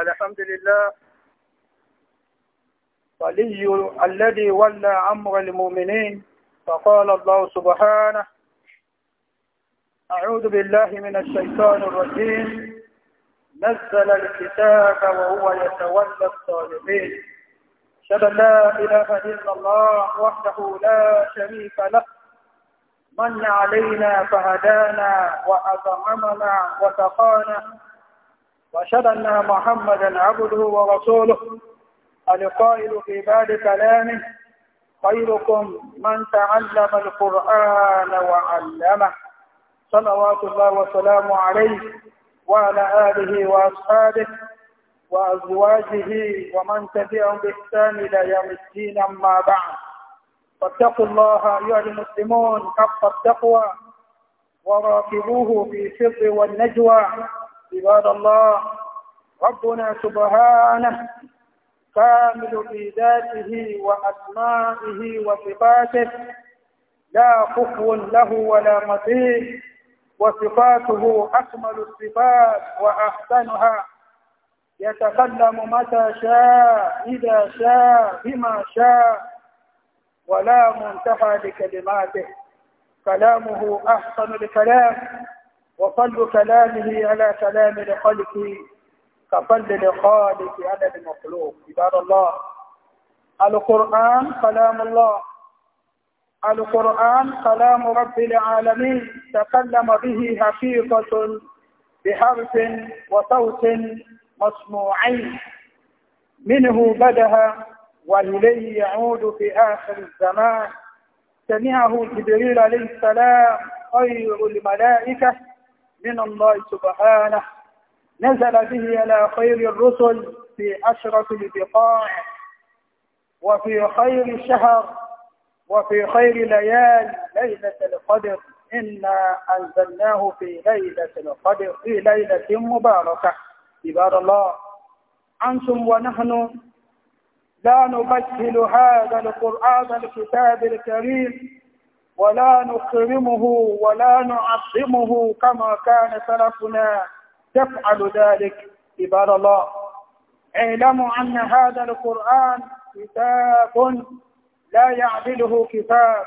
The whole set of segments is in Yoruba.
الحمد لله ولي الذي ولى أمر المؤمنين فقال الله سبحانه أعوذ بالله من الشيطان الرجيم نزل الكتاب وهو يتولى الصالحين أشهد أن لا إله إلا الله وحده لا شريك له من علينا فهدانا وأطعمنا وسقانا وأشهد أن محمدا عبده ورسوله القائل في بعد كلامه خيركم من تعلم القرآن وعلمه صلوات الله وسلامه عليه وعلى آله وأصحابه وأزواجه ومن تبعهم بإحسان إلى يوم الدين أما بعد فاتقوا الله أيها المسلمون حق التقوى وراقبوه في سر والنجوى عباد الله ربنا سبحانه كامل في ذاته وأسمائه وصفاته لا كفو له ولا مثيل وصفاته أكمل الصفات وأحسنها يتكلم متى شاء إذا شاء بما شاء ولا منتهى لكلماته كلامه أحسن الكلام وفضل كلامه على كلام لخلقه كفضل لخالق على المخلوق عباد الله القرآن كلام الله القرآن كلام رب العالمين تكلم به حقيقة بحرف وصوت مسموعين منه بدها وإليه يعود في آخر الزمان سمعه جبريل عليه السلام خير الملائكة من الله سبحانه نزل به على خير الرسل في أشرف البقاع وفي خير الشهر وفي خير ليال ليلة القدر إنا أنزلناه في ليلة القدر في ليلة مباركة عباد الله أنتم ونحن لا نبدل هذا القرآن الكتاب الكريم ولا نكرمه ولا نعظمه كما كان سلفنا يفعل ذلك عباد الله اعلموا أن هذا القرآن كتاب لا يعدله كتاب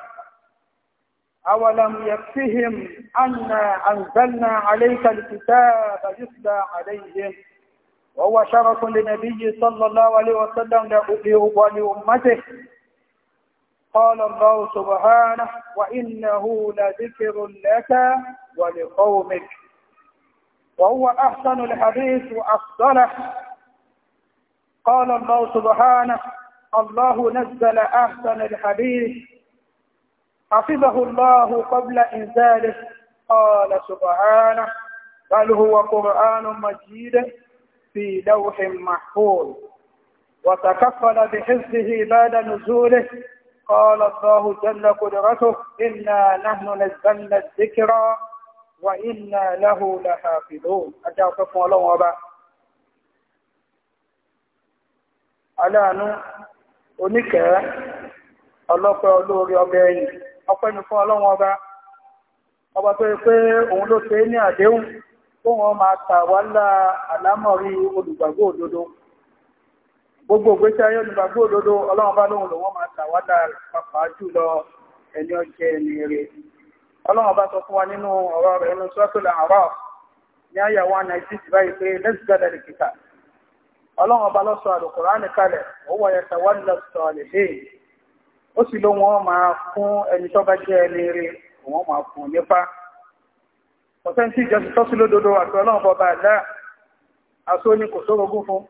أولم يكفهم أنا أنزلنا عليك الكتاب يتلى عليهم وهو شرف للنبي صلى الله عليه وسلم ولأمته قال الله سبحانه وإنه لذكر لك ولقومك وهو أحسن الحديث وأفضله قال الله سبحانه الله نزل أحسن الحديث حفظه الله قبل إنزاله قال سبحانه بل هو قرآن مجيد في لوح محفوظ وتكفل بحفظه بعد نزوله قال الله جل قدرته إنا نحن نزلنا الذكر وإنا له لحافظون أجاكم الله وبا aláàánú oníkẹ̀ẹ́ ọlọ́pẹ́ olóorí ọbẹ̀ ẹ̀yìn ọpẹ́ ni fún ọba tó yẹ pé òun ló ṣe ní àdéhùn tó wọn máa òdodo gbogbo ògbésí ayé olùgbàgbó òdodo ọlọ́run bá lóhun lòwọ́ máa tàwádà pàápàá jùlọ ẹni ọjẹ́ ẹni rẹ̀ ọlọ́run bá sọ fún wa nínú ọ̀rọ̀ rẹ̀ nínú sọ́tòlà àárọ̀ ní àyàwó ànàìjí ti báyìí pé lẹ́sìgbàdà lè kíkà ó ó sì ló wọn máa fún ẹni tó bá jẹ́ ẹni rẹ̀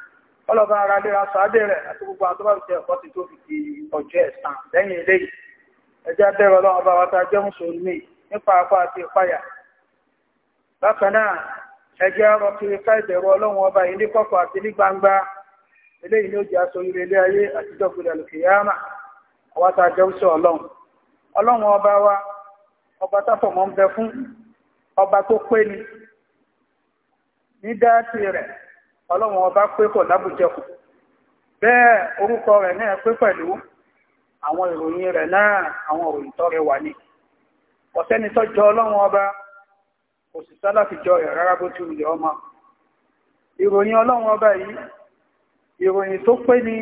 ọlọ́ba ara léra sàádé rẹ̀ àti gbogbo àtọ́bà ìjẹ́ ẹ̀kọ́ ti tó fi di ọjọ́ ẹ̀sán lẹ́yìn eléyìí ẹjẹ́ bẹ̀rẹ̀ ọlọ́run bá wa ta jẹ́ mùsùlùmí nípa apá ọba yìí àti ní gbangba eléyìí ó jẹ́ aṣọ ilé ayé ọba wa ọba ń bẹ fún ọba tó ọlọ́run ọba pé kò lábùjẹkù bẹ́ẹ̀ orúkọ rẹ̀ náà pé pẹ̀lú àwọn ìròyìn rẹ̀ náà àwọn ìròyìn tó rẹwà ni ọ̀sẹ́ni tó jọ ọlọ́run ọba kò sì sálà fi jọ rẹ̀ rárá bó ti wùlẹ̀ ọmọ ìròyìn ọlọ́run ọba yìí ìròyìn tó pé ni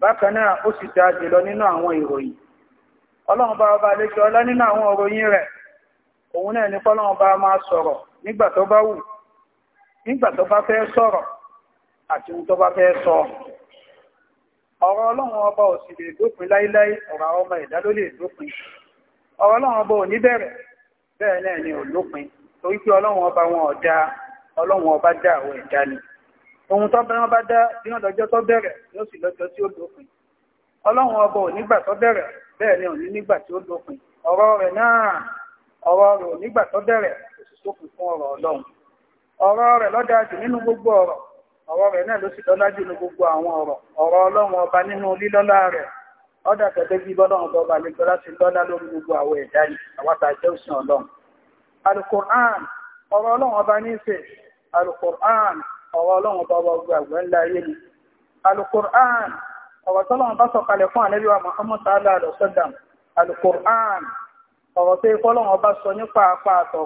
bákan náà ó sì dáa jùlọ nínú àwọn ìròyìn ọlọ́run bá ọba lẹ́kẹ́ ọlá nínú àwọn ìròyìn rẹ̀ òun náà ní kọ́lọ́run bá máa sọ̀rọ̀ nígbà tó bá wù nígbà tó bá fẹ́ sọ̀rọ̀ àti ohun tó bá fẹ́ sọ ọ̀rọ̀ ọlọ́run ọba ò sì lè dópin láíláí ọ̀rọ̀ ọmọ ẹ̀dá ló lè dópin ọ̀rọ̀ ọlọ́run ọba ò ní bẹ̀rẹ̀ bẹ́ẹ̀ náà ni ò lópin torí pé ọlọ́run ọba wọn ò dá ọlọ́run ọba dá àwọn ẹ̀dá ni ohun tó bẹ́ẹ̀ bá dá bí wọ́n lọ́jọ́ tó bẹ̀rẹ̀ yóò sì lọ́jọ́ tí ó lópin ọlọ́run ọba ò nígbà tó bẹ̀rẹ̀ bẹ́ẹ̀ ni ò ní nígbà tí ó lópin ọ̀rọ̀ rẹ̀ náà ọ̀rọ̀ rẹ̀ ò nígbà tó bẹ̀rẹ̀ kò sì sópin fún ọ̀rọ̀ ọlọ́run ọ̀rọ̀ rẹ̀ lọ́dájú nínú gbogbo ọ̀rọ̀ ọ̀rọ̀ rẹ̀ náà ló sì lọ́lájú ní gbogbo àwọn ọ̀rọ̀ ọ̀rọ̀ ọlọ́run ọba nínú lílọ́lá rẹ̀ ọ̀dà bọ́lọ́run ọba lè gbọ́ láti àwọn ẹ̀dá yìí àwátà jẹ́ ni alukur'an ọ̀rọ̀ tọ́lọ́run bá sọ̀kalẹ̀ fún tó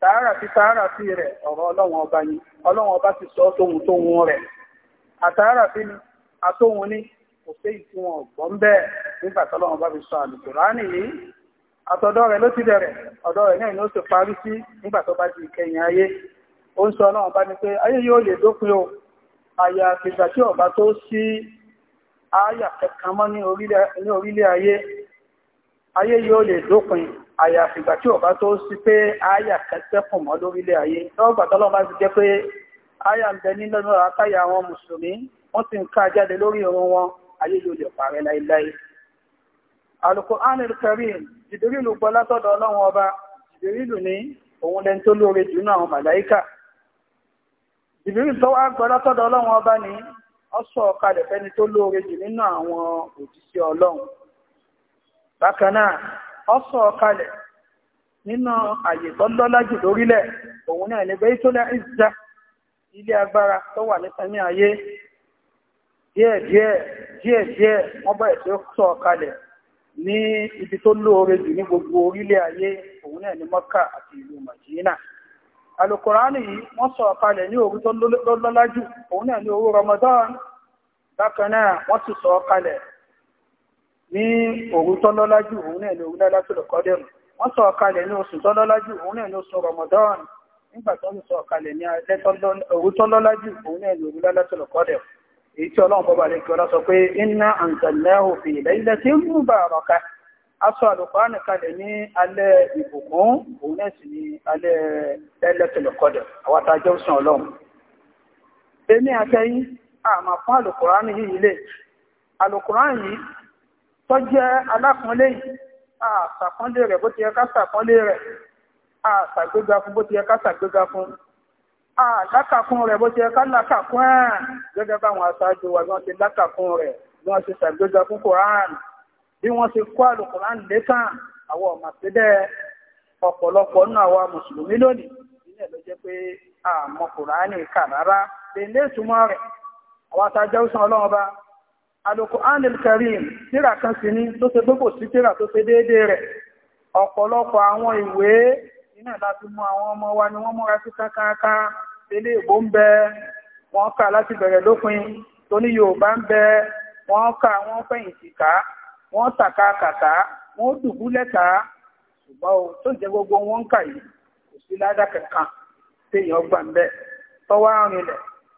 tààrà sí tààrà sí rẹ̀ ọ̀rọ̀ ọlọ́wọ̀n ọba yìí ọlọ́wọ̀n ọba ti sọ tóhun tóhun rẹ̀ àtààrà sí ni àtóhun ní kò sí ìtí wọn ọ̀gbọ́n bẹ́ẹ̀ nígbà tọ́lọ́wọ̀n bá fi sọ àlùkùránì yìí àtọ̀dọ̀ rẹ̀ ló ti bẹ̀rẹ̀ ọ̀dọ̀ rẹ̀ náà ni ó sì parí sí nígbà tó bá di ìkẹyìn ayé ó ń sọ ọlọ́wọ̀n bá ní pé ayé yóò lè dópin o àyà àfìgbà tí ọba tó sí àyà kẹkàn mọ́ ní orílẹ̀ ayé ayé yóò lè dópin àyàfi ìgbà tí ọba tó sí pé àyà kẹsẹ́kùn mọ́ lórílẹ̀ ayé lọ́gbà tọ́lọ́ bá ti jẹ́ pé àyà ń bẹ nínú àkáyà àwọn mùsùlùmí wọ́n ti ń ká jáde lórí irun wọn ayé ló lè parẹ́ láéláé. Al-Qur'an al-Karim Jibrilu gbọ́ látọ̀dọ̀ ọlọ́run ọba Jibrilu ní òun lẹni tó lóore jù nínú àwọn màláíkà Jibrilu tó wá gbọ́ látọ̀dọ̀ ọlọ́run ọba ní ọ̀sọ̀ ọ̀kalẹ̀ tó lóore jù nínú àwọn òjíṣẹ́ ọlọ́run bákan náà ọsọ kalẹ̀ nínú àyè tó lọ́lá lórílẹ̀ òun náà ní Baitul Izza ilé agbára tó wà ní ayé díẹ̀díẹ̀ díẹ̀díẹ̀ wọ́n bẹ̀rẹ̀ tí ó sọ kalẹ̀ ní ibi tó lóore jù ní gbogbo orílẹ̀ ayé òun náà ní Mọ́kà àti ìlú Màjínà yìí wọ́n sọ kalẹ̀ ní tó òun náà ní Ramadan bákan náà ní òru tọ́lọ́lájú òun náà ní òru lálátòlọ̀ wọ́n sọ ọ̀kalẹ̀ ní oṣù tọ́lọ́lájú òun náà ní oṣù rọmọdán nígbà sọ ọ̀kalẹ̀ ní òru tọ́lọ́lájú òun náà ní òru lálátòlọ̀ èyí tí ọlọ́run lè sọ pé aṣọ kalẹ̀ ní alẹ́ ìbùkún òun náà sì ní alẹ́ àwọn sàn ọlọ́run èmi àtẹ́yìn àmà fún tó jẹ́ alákùnlé àṣàkọ́lé rẹ̀ bó ti yẹ ká ṣàkọ́lé rẹ̀ àṣàgbéga fún bó ti yẹ ká ṣàgbéga fún àlákàkún rẹ̀ bó ti yẹ ká lákàkún ẹ̀ gẹ́gẹ́ báwọn aṣáájú wa bí wọ́n ti lákàkún rẹ̀ bí wọ́n ti ṣàgbéga fún koran bí wọ́n ti kọ́ àlùkùnrán lẹ́kàn àwọn ọ̀mà síbẹ̀ ọ̀pọ̀lọpọ̀ nínú àwa mùsùlùmí lónìí ìpínlẹ̀ ló jẹ́ pé àmọ́ kùránì kà rárá lè ní ìtumọ̀ rẹ̀ àwọn aṣáájú ọlọ́run bá Al-Qur'an al-Karim tíra kan sí ní tó ṣe gbogbo sí tíra tó ṣe déédéé rẹ̀ ọ̀pọ̀lọpọ̀ àwọn ìwé iná láti mú àwọn ọmọ wa ni wọ́n múra sí kákáká ilé ìbò ń bẹ wọ́n kà láti bẹ̀rẹ̀ lópin tóní Yorùbá ń bẹ wọ́n kà wọ́n fẹ̀yìntì ká wọ́n tàka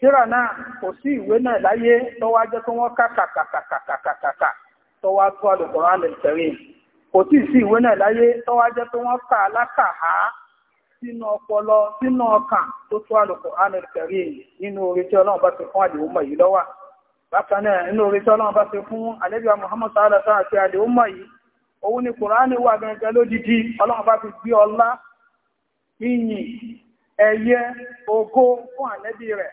tíra náà kò sí ìwé náà láyé tọ́wọ́ ajẹ́ tó wọ́n kàkàkàkàkàkàkà tọ́wọ́ tó àlùkọ́rọ̀ àlẹ́kẹ̀rẹ́ kò sí sí ìwé náà láyé tọ́wọ́ ajẹ́ tó wọ́n kà alákàá sínú ọpọlọ sínú ọkàn tó tó àlùkọ́rọ̀ àlẹ́kẹ̀rẹ́ nínú orí tí ọlọ́run bá ti fún àdìwọ́mọ̀ yìí lọ́wà bákan náà nínú orí tí ọlọ́run bá ti fún àlẹ́bíà Muhammad ni kùránì wà gẹ́gẹ́ lódìdí ọlọ́run bá gbé ọlá fún àlẹ́bí rẹ̀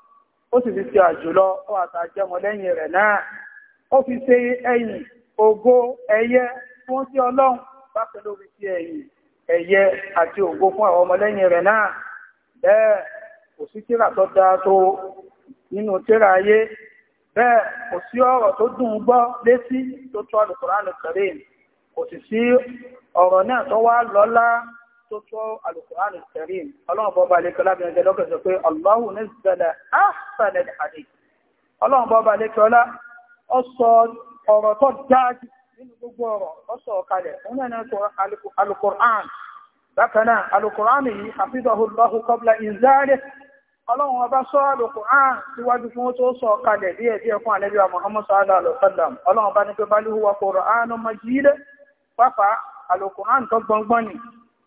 ó sì fi ṣe àjùlọ ó àtàjẹmọ lẹ́yìn rẹ̀ náà ó fi ṣe ẹ̀yìn ògo ẹ̀yẹ fún sí ọlọ́run bákan ló fi ṣe ẹ̀yìn ẹ̀yẹ àti ògo fún àwọn ọmọlẹ́yìn rẹ̀ náà bẹ́ẹ̀ kò sí tíra tó dáa tó nínú tíra ayé bẹ́ẹ̀ kò sí ọ̀rọ̀ tó dùn gbọ́ létí tó tó Al-Qur'an al kò sì sí ọ̀rọ̀ náà tó wá lọ́lá tó tó alùkùránù karim ọlọ́run bọ́ba lẹ́kọ́ lábẹ́rẹ́ jẹ́ lọ́kẹ́ sọ pé Allahu nazzala ahsan al-hadith ọlọ́run bọ́ba lẹ́kọ́ lá ọ sọ ọ̀rọ̀ tó dájú nínú gbogbo ọ̀rọ̀ ọ sọ kalẹ̀ òun alùkùránù yìí hafizahu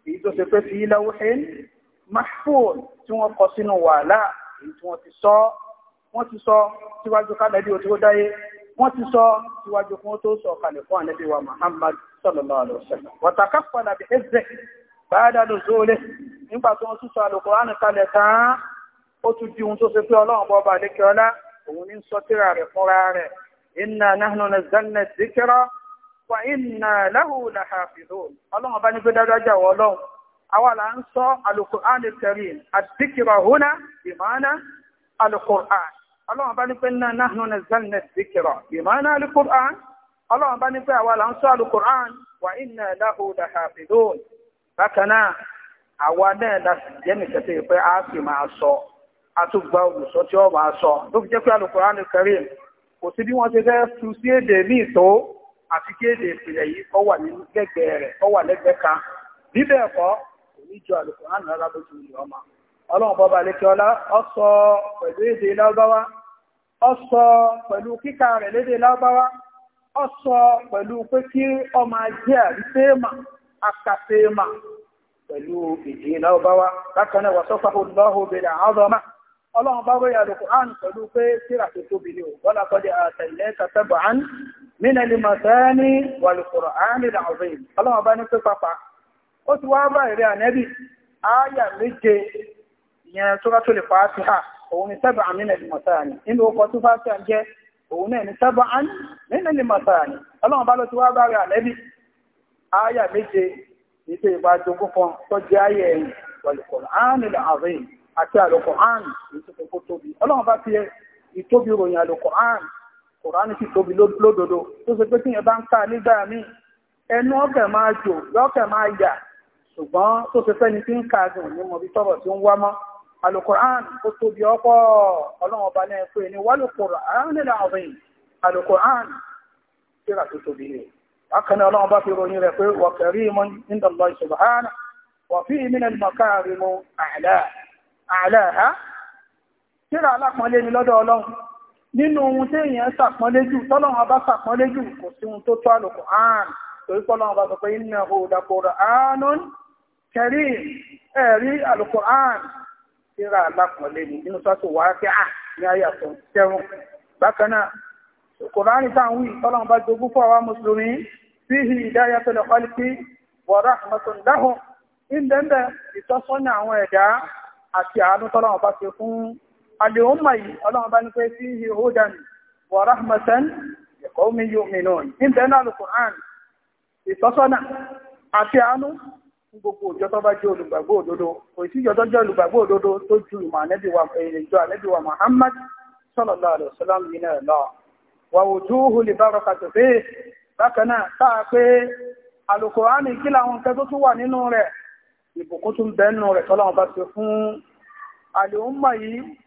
èyí tó ṣe pé fi lawhin mahfuz tí wọ́n kọ sínú wàhálà èyí tí wọ́n ti sọ wọ́n ti sọ síwájú kálẹ̀bí o tí ó dáyé wọ́n ti sọ síwájú kún tó sọ kalẹ̀ fún ànẹ́bí wa Muhammad sallallahu alaihi wasallam wàtàkà padà bí ẹ̀zẹ̀ báyádá ló zóòlẹ̀ nígbà tó wà ìnà lẹ́hùn làhàfìdò ọlọ́run bá ní pé dájọ́jà wọ ọlọ́run àwa là ń sọ alukur'an karim àdìkìrọ̀ húnà ìmọ̀ọ́nà alukur'an ọlọ́run bá ní pé náà náà nínú zanna àdìkìrọ̀ ìmọ̀ọ́nà alukur'an ọlọ́run bá ní pé àwa là ń sọ alukur'an wà ìnà lẹ́hùn làhàfìdò bákan náà àwa náà láti jẹ́ nìkẹ́tẹ́ pé a sì máa sọ àtúgbà olùsọ tí ó máa sọ ló fi jẹ́ pé alukur'an karim kò sí bí wọ́n ti fẹ́ àfi kí ìpìlẹ̀ yìí kọ́ wà nínú lẹ́gbẹ̀ẹ́ rẹ̀ kọ́ wà lẹ́gbẹ̀ẹ́ kan bíbẹ̀ ẹ̀kọ́ kò ní jọ àlùkùránì náà lábójú ìlú ọmọ ọlọ́run bọ́ba lékè ọlá ó sọ pẹ̀lú èdè sọ pẹ̀lú rẹ̀ lédè sọ pẹ̀lú pé kí ọmọ ajé pẹ̀lú èdè obìnrin ọmọ ọlọ́run bá pẹ̀lú pé kíra tó tóbi من المثاني والقرآن العظيم اللهم بارك في بابا ó ti wá báyìí rí ànẹ́bì ááyà méje ìyẹn Suratul Fatiha òun ni sab'an min al-mathani nínú ọkọ̀ tó Fatiha jẹ́ òun náà ni sab'an min al-mathani ọlọ́run bá ló ti wá bá rí ànẹ́bì ááyà méje ìṣe ìbájogún kan jẹ́ ayé ẹ̀yìn wal-Qur'anil azim àti al-Qur'an ọlọ́run bá fi ìtóbi ròyìn al kòránì sì tóbi lódodo tó ṣe pé tíyẹn bá ń ká nígbà míì ẹnu ọkẹ̀ máa jò yọkẹ̀ máa yà ṣùgbọ́n tó ṣe fẹ́ni tí ń ka gùn ní mọ̀bí tọ̀rọ̀ tí ń wá mọ́ alukoran ó tóbi ọ̀pọ̀ ọlọ́run ọba náà pé ní wàlùkùrán nílẹ̀ àwọn èèyàn alukoran kíra tó tóbi rẹ̀ bákan náà ọlọ́run bá fi ròyìn rẹ̀ pé wa karimun inda Allah subhanahu nínú ohun tí èèyàn ṣàpọ́nlé jù tọ́lọ́run bá ṣàpọ́nlé jù kò sí ohun tó tó Al-Qur'an torí pọ́lọ́run bá sọ pé innahu laqur'anun karim ẹ̀rí Al-Qur'an síra alápọ̀nlé ni nínú sọ́tò Waqi'ah ní ayà tó tẹ́rùn bákan náà Al-Qur'an táwọn wí tọ́lọ́run bá jogún fún àwa mùsùlùmí fihi hidayatul khalqi àlèhùnmà yìí ọlọ́run bá ní pé sí ihe hudan wa rahmatan qawmin yu'minun níbẹ̀ na. Al-Qur'an ìtọ́sọ́nà àti àánú gbogbo ìjọ jẹ́ olùgbàgbọ́ òdodo tó ju ìmọ̀ eh, Muhammad sallallahu alaihi wasallam al ìbùkún tún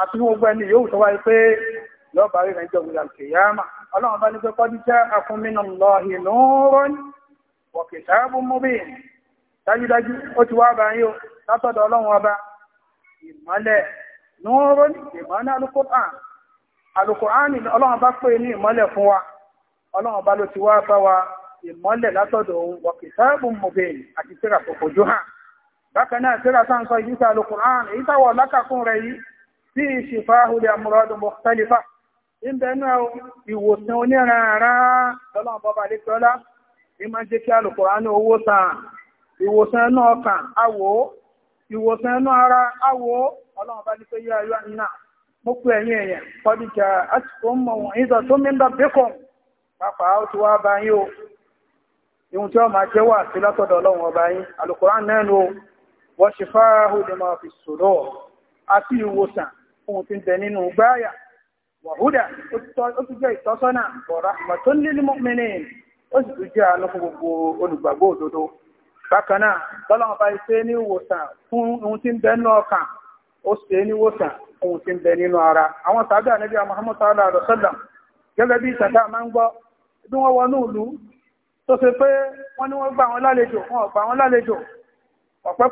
àti gbogbo ẹni yóò tó wáyé pé lọ́ọ̀bà rí rẹ̀ jẹ́ kìyàmà ọlọ́run bá ní pé kọ́dí jẹ́ akúnmínà lọ́ọ̀hì lóòrùn wọ̀kì sáàbù múbì dájúdájú ó ti wá bá ọba ìmọ́lẹ̀ lóòrùn ìmọ́lẹ̀ alukóhàn ọlọ́run bá pè ní ìmọ́lẹ̀ fún wa ọlọ́run bá ló ti wá bá sí ìṣìfáhùlì àmúrọ̀dùn mọ̀tálífà ìbẹ̀nú ìwòsàn oníranra lọ́lọ́n ẹnu ọkàn awò ìwòsàn ẹnu ara awò ọlọ́run bá ní pé yá ayọ́ iná mo pè ẹ̀yìn ẹ̀yẹ̀ kọ́díjà àsìkò mọ̀ ti wá bá yín o ìhun tí ohun tí ń bẹ nínú gbáyà wàhúdà ó ti jẹ́ ìtọ́sọ́nà bọ̀rọ̀ àmọ̀tó lílí mọ́mìnì ó sì tún jẹ́ àánú fún gbogbo olùgbàgbọ́ òdodo bákan náà bá ṣe ní ìwòsàn fún ohun tí ń bẹ nínú ara àwọn sàádà níbi Muhammad sallallahu alaihi gẹ́gẹ́ bí ìsàdá máa ń gbọ́ bí wọ́n wọnú ìlú tó ṣe pé wọ́n ní wọ́n gbà wọn lálejò wọn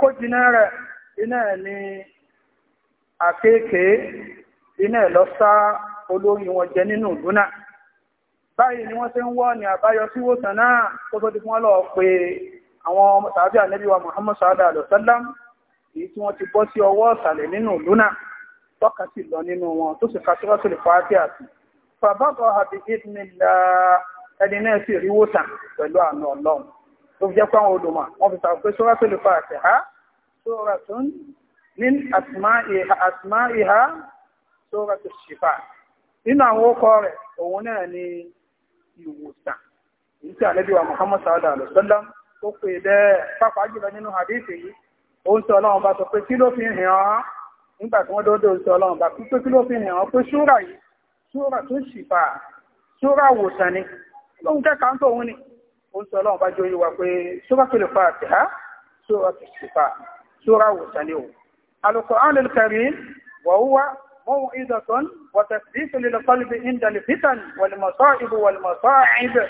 àkéèkéé iná ẹ̀ lọ sá olórí wọn jẹ nínú ìlú náà báyìí ni wọ́n ṣe ń wọ́ ní àbáyọ sí ìwòsàn náà tó tó di fún wọn lọ pé àwọn tàbí ànẹ́bíwa Muhammad sallallahu alaihi wasallam èyí tí wọ́n ti bọ́ sí ọwọ́ ọ̀sàlẹ̀ nínú ìlú náà tọ́ka sí lọ nínú wọn tó sì kásíwá tó lè fàájì àti fàbábọ̀ àbí ìdínlá ẹni náà sì rí wòsàn pẹ̀lú àánú Ọlọ́run tó fi jẹ́ pé àwọn olùmọ̀ wọ́n fi sàkóso sọ́rọ́ tó lè fàájì ha sọ́rọ́ tó min asma'iha asma'iha shifa ni iwusa. èyí tí wa muhammad sallallahu alaihi wasallam ó pè bẹ́ẹ̀ pápá jùlọ nínú hadith yìí ó ń sọ ọlọ́run bá sọ pé kí ló fi hàn án nígbà tí wọ́n dọ́dọ̀ sọ ọlọ́run bá pe ki lo fi hàn án pé ṣúra yìí ṣúra tó ṣìfà ṣúra wòsàn ni lóhun ni wa القرآن الكريم وهو موعظة وتثبيت للقلب عند الفتن والمصائب والمصاعب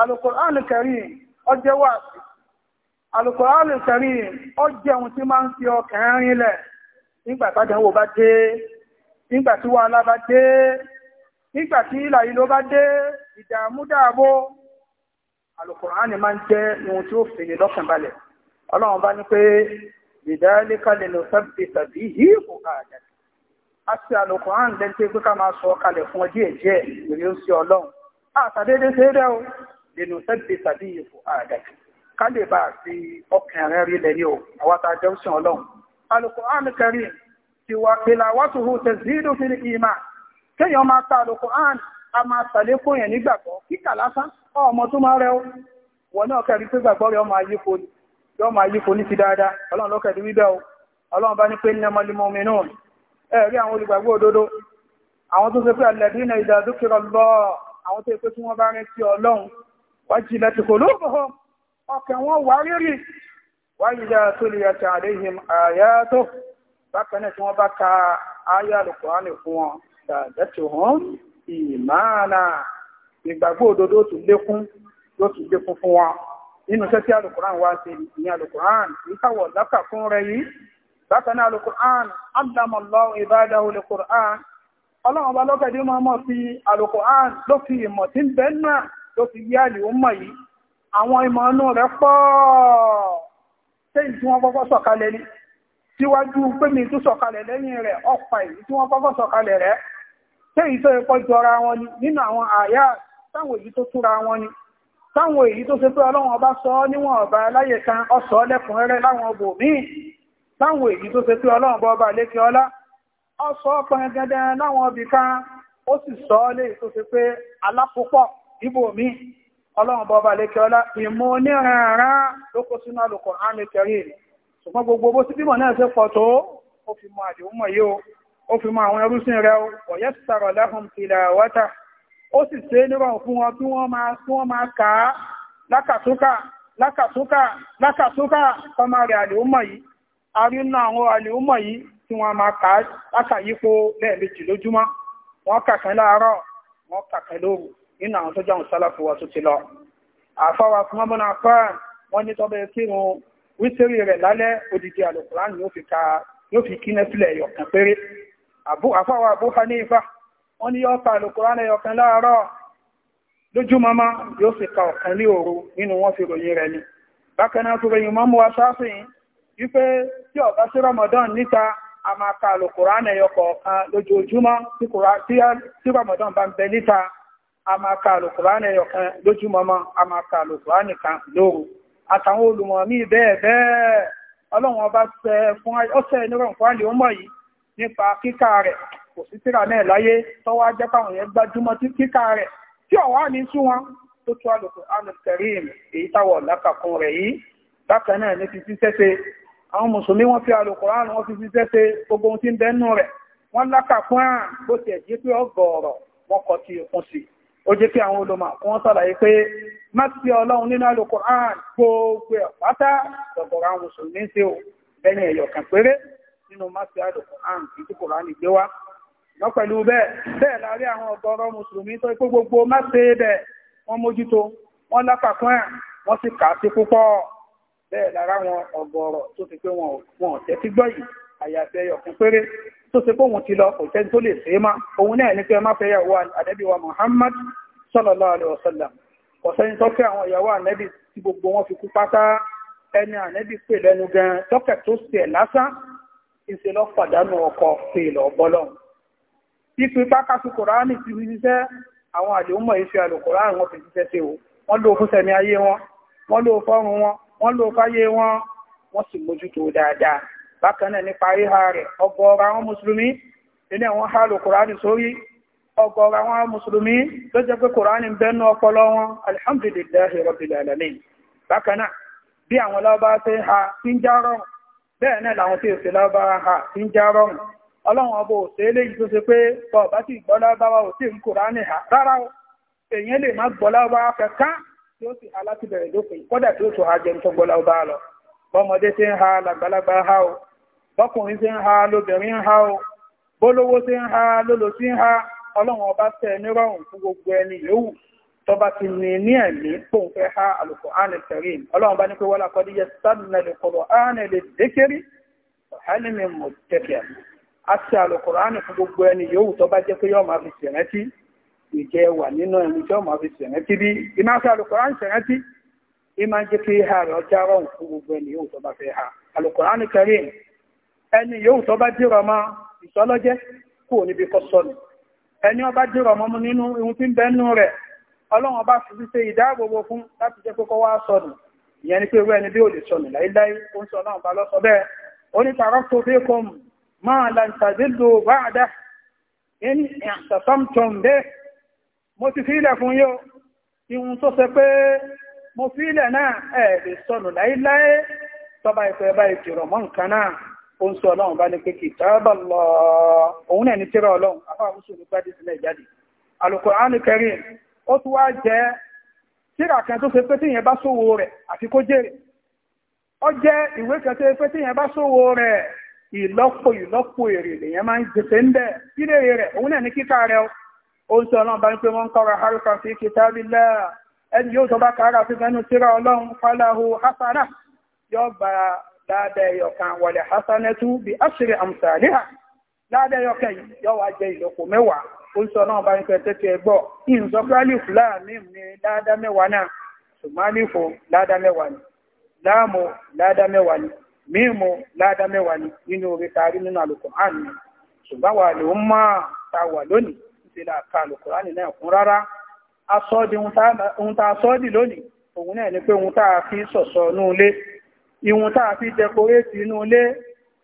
القرآن الكريم الجواب القرآن الكريم ọjẹun tí máa ń fi ọkàn rinlẹ̀ nígbà tádánwò bá dé nígbà tí wàhálà bá dé nígbà tí ìlà ìlò bá dé ìdààmú dààbò القرآن máa ń jẹ́ ohun tí ó fèrè lọ́kàn balẹ̀ ọlọ́run bá ní pé bìdálíkà lè lọ sábẹ́ tàbí yíìkù ààdà àti àlòkù à ń lẹ́tí pé ká máa sọ kalẹ̀ fún ọ díẹ̀ díẹ̀ ìrìn ó sí ọlọ́run àtàdédé ṣe rẹ̀ o lè lọ sábẹ́ tàbí yíìkù ààdà ká lè bá fi ọkàn rẹ̀ rí lẹ́ni o àwa tá a jẹ́ òsìn ọlọ́run àlòkù à ń kẹrí ti wà pèlà wàtúhù tẹ̀síìdù fi ìmà kéèyàn máa ta àlòkù à a máa tàlékò yẹn nígbàgbọ́ kíkà lásán ọmọ tó máa rẹ o wọn náà kẹrí pé gbàgbọ́ rẹ ọmọ ayé kò yóò máa yípo ní ti dáadáa ọlọ́run lọ́kẹ̀ ti wíbẹ̀ o ọlọ́run bá ní pé ní ọmọlẹ́mọ omi náà ẹ̀rí àwọn olùgbàgbọ́ òdodo àwọn tó ṣe pé alladhina idha dhukira Allah àwọn tó pé tí wọ́n bá rántí ọlọ́run wajilat qulubuhum ọkàn wọn wà rírì wa idha tuliyat imana ìgbàgbọ́ òdodo tún lékún yóò tún lékún fún wọn nínú sẹ́tí alukuran wá sí ní alukuran ìkàwọ̀ lákà fún rẹ̀ yìí bákan náà alukuran abdamallahu ibadahu alukuran ọlọ́run ọba lọ́kẹ̀dé máa mọ̀ sí alukuran ló fi ìmọ̀ tí ń bẹ náà ló fi yí àlè ọmọ yìí àwọn ìmọ̀ inú rẹ̀ pọ̀ sẹ́yìn tí wọ́n kọ́kọ́ sọ̀kalẹ̀ ni síwájú pémi tó sọ̀kalẹ̀ lẹ́yìn rẹ̀ ọ̀pá èyí tí wọ́n kọ́kọ́ sọ̀kalẹ̀ rẹ̀ sẹ́yìn tó ẹ̀kọ́ jọra wọn ni nínú àwọn àyà táwọn èyí tó túra wọn ni táwọn èyí tó ṣe pé ọlọ́run ọba sọ níwọ̀n ọba aláyè kan ọ̀sọ̀ lẹ́kùnrẹ́rẹ́ láwọn ọbò míì táwọn èyí tó ṣe pé ọlọ́run bọ́ ọba lékè ọlá ọ̀sọ̀ pẹ̀gẹ́dẹ́ láwọn ọbì kan ó sì sọ lè tó ṣe pé alápòpọ̀ ibò míì ọlọ́run bọ́ ọba lékè ọlá ìmọ̀ onírànràn ló kó sínú àlùkò àmì kẹrì ṣùgbọ́n gbogbo bó sí bímọ náà ṣe pọ̀ tó ó fi mọ àdéhùn mọ̀ yìí ó fi mọ àwọn ẹrúsìn rẹ̀ ó wọ̀yẹ́ sàrọ̀ lẹ́hùn tìlà wátà ó sì ṣe nírọ̀ fún wọn kí wọ́n máa kí wọ́n máa kà á lákàtúnkà lákàtúnkà yi tọ́mà rẹ̀ àlèúmọ̀ yìí arínà àwọn àlèúmọ̀ yìí tí wọ́n máa kà lákàyípo lẹ́ẹ̀mejì lójúmọ́ wọ́n kàkẹ́ láàárọ̀ wọ́n kàkẹ́ lóru nínú àwọn wa tó ti lọ fún wọn ní tọ́bẹ̀ wíṣẹ́rì rẹ̀ lálẹ́ odidi àlùkùránì yóò fi kí nẹ́fìlẹ̀ péré wọ́n ní yọ́ ka ẹyọkan láàárọ̀ lójúmọmá yóò sì ka ọ̀kan ní òru nínú wọn fi ròyìn rẹ̀ ni bákan tó ròyìn mọ́mú wa wípé tí ó sí Ramadan níta a máa ka al ẹyọkọ̀ọ̀kan lójoojúmọ́ tí Ramadan bá ń bẹ níta a máa ka al ẹyọkan lójúmọmá a máa ka al kan nípa kíkà rẹ̀ kò sí tíra náà láyé tọ́wọ́ ajẹ́ káwọn yẹn gbájúmọ́ tí kíkà rẹ̀ tí ọ̀wá ní sú wọn tó tó Al-Qur'an Al-Karim èyí táwọ̀ lákàkún rẹ̀ yìí bákan náà ní fi ṣiṣẹ́ ṣe àwọn mùsùlùmí wọ́n fi Al-Qur'an wọ́n fi ṣiṣẹ́ ṣe gbogbo ohun tí ń bẹ́nu rẹ̀ wọ́n lákàkún àn bó tiẹ̀ jẹ́ pé ọgọ́ọ̀rọ̀ wọn kọ ti òkun sí ó jẹ́ kí àwọn olùmọ̀ kí wọ́n sàlàyé pé má sí ọlọ́run nínú Al-Qur'an gbogbo ẹ̀ pátá àwọn mùsùlùmí ń ṣe ò bẹ́ẹ̀ ni ẹ̀yọ̀ péré nínú má sí Al-Qur'an ìdíkùrán ìgbéwá lọ pẹ̀lú bẹ́ẹ̀ bẹ́ẹ̀ láàrin àwọn ọ̀gọ̀rọ̀ mùsùlùmí tó ipò gbogbo má ṣe bẹ̀ wọ́n mójútó wọ́n lápapọ̀ ẹ̀ wọ́n sì kà á sí púpọ̀ bẹ́ẹ̀ lára àwọn ọ̀gọ̀rọ̀ tó ti pé wọn ò tẹ́tí gbọ́ yìí àyàfẹ́ ọ̀kún péré tó ṣe pé òun ti lọ kò tẹ́ni tó lè ṣe é má òun náà ní pé má fẹ́ yàwó ànábì Muhammad sallallahu alaihi wasallam kò sẹ́ni tó fẹ́ àwọn ìyàwó ànábì tí gbogbo wọn fi kú pátá ẹni ànábì pè lẹ́nu gan tọ́kẹ̀ tó ṣe ẹ̀ lásán ìṣe lọ́ pàdánù ọkọ pè lọ́ bọ́lọ́hùn fífi pákàtí kòránì ti fi ṣiṣẹ́ àwọn àlèúmọ̀ ìṣẹ́ àlòkòránì wọn fi ṣiṣẹ́ ṣe o wọ́n lò fún sẹ̀mí ayé wọn wọ́n lò fọ́run wọn wọ́n lò fáyé wọn wọ́n sì mójútó dáadáa bákan náà nípa ríha rẹ̀ ọgọ́ra àwọn mùsùlùmí nínú àwọn ha àlòkòránì sórí ọgọ́ra àwọn mùsùlùmí ló jẹ́ pé kòránì ń bẹ́nu ọpọlọ wọn alhamdulillahi rabbil alamin bákan náà bí àwọn lọ́ba ṣe ha ń já rọrùn bẹ́ẹ̀ náà làwọn tí èsì lọ́ba ha ń já rọrùn ọlọ́run ọbọ̀ òṣè léyìí tó ṣe pé bọ̀ọ̀bá sì gbọ́lá bá wa ò sí ń kóra ní ha rárá o èèyàn lè má gbọ́lá bá wa fẹ́ ká tí ó sì ha láti bẹ̀rẹ̀ lópin kódà tí ó tó ha jẹun tó gbọ́lá bá lọ bọ́mọdé ṣe ń ha làgbàlagbà ha o bọ́kùnrin ṣe ń ha lóbìnrin ń ha o bólówó ṣe ń ha lólòsí ń ha ọlọ́run ọba tẹ nírọ̀rùn fún gbogbo ẹni yòówù tọba ti ní ní ẹ̀mí pòun fẹ́ ha Al-Qur'an Al-Karim ọlọ́run bá ní pé wọ́n lákọ́ díẹ̀ sábìnrin lè kọ̀rọ̀ áánẹ̀ lè dékéré ọ̀hánìmí mọ̀tẹ́kẹ̀ẹ́ a ṣe fún gbogbo ẹni yòówù tó bá jẹ́ pé máa fi ṣèrántí ìjẹ́ wà nínú ẹni tí máa fi ṣèrántí bí iná ṣe àlùkùránì ìmá jẹ́ ha rẹ̀ ọjà rọrùn fún gbogbo ẹni yòówù tó bá fẹ́ ha àlùkùránì Karim ẹni yòówù tó bá dìrọ̀ ma ìsọlọ́jẹ́ kò níbi kọ́ sọnù ẹni ọba dìrọ̀ mọ́ ọba fi ما لن تذلوا بعده إن اعتصمتم به mo ti fílẹ̀ fún yóò ihun tó ṣe pé mo fílẹ̀ náà ẹ̀ lè sọnù láíláí tọba ìfẹ́ bá ìkìrọ̀ mọ́ nǹkan náà ó ń sọ ọlọ́run bá ní pé kìtàbà lọ òun náà ní tírà ọlọ́run afá mùsùlùmí gbádì sílẹ̀ jáde Al-Qur'an Karim ìlọ́pọ̀ ìlọ́pọ̀ èrè lèyàn máa ń jẹsẹ̀ ń bẹ̀ kílé rẹ̀ òun náà ní kíkà rẹ̀ ó ń sọ ọlọ́run bá ń pè wọ́n kọ́ra haruka fi kitabillah ẹni yóò tó bá kára fi fẹ́nu síra ọlọ́run falahu hasana yóò gba dáadáa ẹyọkan wọlé hasanatu bí dáadáa ẹyọkan yóò wá jẹ dáadáa mẹ́wàá náà dáadáa mẹ́wàá ni mímu ládá mẹ́wàá ni nínú orí taari nínú alukur'an ni ṣùgbọ́n wà ló ń máa ta wà lónìí ṣe là ka náà kún rárá asọ́ọ̀dì ohun tá a sọ́ọ̀dì lónìí òun náà ni pé ohun tá a fi sọ̀sọ̀ inú ilé ihun tá a fi dẹkoréètì inú ilé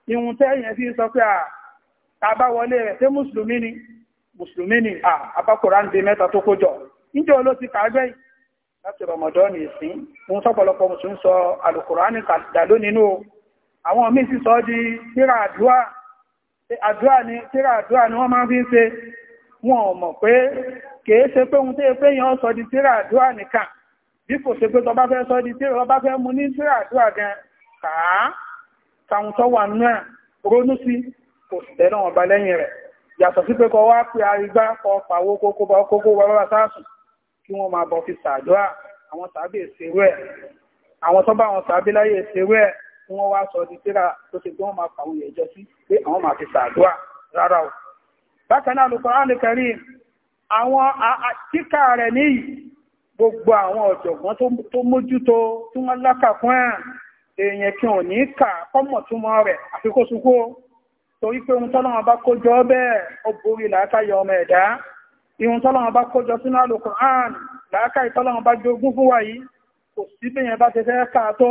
ihun tẹ́yìn fi sọ pé àbáwọlé rẹ̀ ṣé mùsùlùmí ni mùsùlùmí ni ohun tọ́pọ̀lọpọ̀ mùsùlùmí sọ alukur'an kà àwọn míì sì sọ di tíra àdúrà àdúrà ni tíra àdúrà ni wọ́n máa fi ń ṣe wọn ò mọ̀ pé kìí ṣe pé ohun tó yẹ pé èèyàn sọ di tíra àdúrà nìkan bí kò ṣe pé tọba fẹ́ sọ di tíra ọba fẹ́ mu ní tíra àdúrà gan kàá tàwọn tó wà nínú ẹ̀ ronú sí kò sì tẹ́ náà ọba lẹ́yìn rẹ̀ yàtọ̀ sí pé kọ wá pé arígbá kọ pàwó kókó bá kókó bá bá sáàsùn kí wọ́n máa bọ̀ fi sàdúrà àwọn tàbí èsèrú ẹ̀ àwọn tó bá wọn tàbí láyé èsèrú ẹ̀ kí wọ́n wá sọ di tíra tó ṣe pé wọ́n máa fàwọn èèyàn jọ sí pé àwọn máa fi ṣàdúrà rárá o bákan náà Al-Qur'an Karim àwọn kíkà rẹ̀ níyì gbogbo àwọn ọ̀jọ̀gbọ́n tó mójútó tí wọ́n lákàkún ẹ̀ èèyàn kí wọn ní kà kọ́mọ̀ túmọ̀ rẹ̀ àfikún sunkó torí pé ohun tọ́lọ́wọ́n bá kójọ bẹ́ẹ̀ ó borí làákàyọ ọmọ ẹ̀dá ihun tọ́lọ́wọ́n bá kójọ sínú Al-Qur'an làákàyè tọ́lọ́wọ́n bá jogún fún wa yìí kò sí bẹ́yẹn bá ti fẹ́ kà tó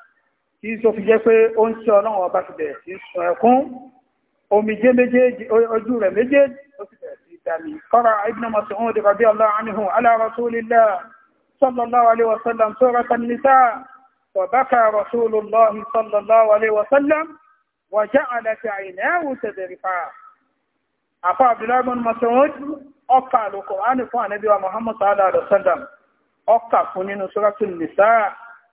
tí so fi jẹ́ pé ó ń tí ọlọ́run ọba ti bẹ̀rẹ̀ sí sun ẹkún omijé méjèèjì ojú rẹ̀ méjèèjì ó sì bẹ̀rẹ̀ sí dami kọ́ra ibn Mas'ud radiyallahu anhu ala rasulillah sallallahu alaihi wasallam alaihi wasallam ọkà fún nínú suratul nisa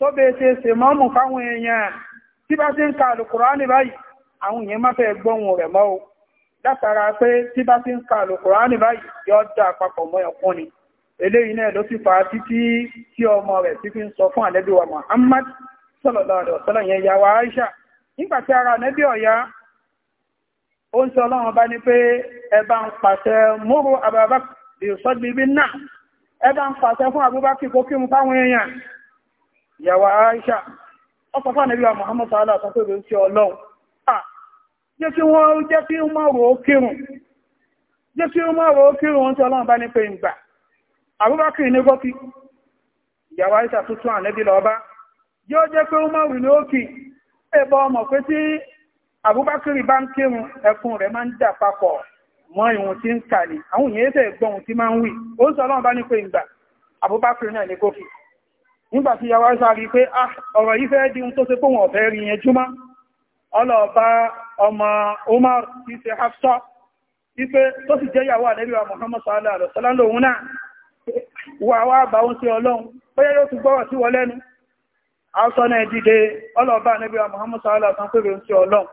tó bẹ́ẹ̀ ṣe ṣe mọ́mù fáwọn èèyàn tí bá ṣe ń ka àlùkùránì báyìí àwọn èèyàn má fẹ́ gbọ́hùn rẹ̀ mọ́ o látara pé tí bá ṣe ń ka àlùkùránì báyìí yọ dá papọ̀ mọ́ ẹkún ni eléyìí náà ló sì fa títí tí ọmọ rẹ̀ ti fi ń sọ fún ànábì wa Muhammad sallallahu alaihi wasallam yẹn yàwó Aisha nígbà tí ara ànábì ọ̀yá ó ń sọ ọlọ́run bá ní pé ẹba ń pàṣẹ múrù Abubakar ìsọ́gbìbí náà ẹba ń pàṣẹ fún Abubakar kó kí mu fáwọn èèyàn ìyàwó Aisha ọkọ̀ fún ànàbíwà Muhammad sallallahu alaihi wasallam pẹ̀lú sí ọlọ́run jẹ́ kí wọ́n jẹ́ kí wọ́n rò ó kírun jẹ́ kí wọ́n rò ó kírun wọn tí ọlọ́run bá ní pé ń gbà Abubakar ní gọ́kí ìyàwó Aisha tuntun ànẹ́bí lọ́ọ́bá yóò jẹ́ pé wọ́n rò ní òkì ẹ̀bọ ọmọ pé tí Abubakar bá ń kírun ẹkùn rẹ̀ máa ń dà papọ̀ mọ́ ìwọ̀n tí ń kà ní àwọn èèyàn ẹ̀sẹ̀ gbọ́n tí máa ń wì ó ń sọ ọlọ́run bá ní pé ń gbà Abubakar náà ní gọ́kí nígbà tí yàwó Àìṣà rí pé ah, ọ̀rọ̀ yìí fẹ́ di ohun tó ṣe pé wọn ọ̀fẹ́ rí yẹn júmọ́ ọlọ́ọ̀bá ọmọ Umar ti ṣe Hafsa wípé tó sì jẹ́ yàwó àlẹ́bíwà Muhammad sallallahu alaihi wasallam lòun náà wà wá bá oún sí ọlọ́run bóyá yóò tún gbọ́rọ̀ sí wọ lẹ́nu àwọsọ náà dìde ọlọ́ọ̀bá àlẹ́bíwà Muhammad sallallahu alaihi wasallam pé sí ọlọ́run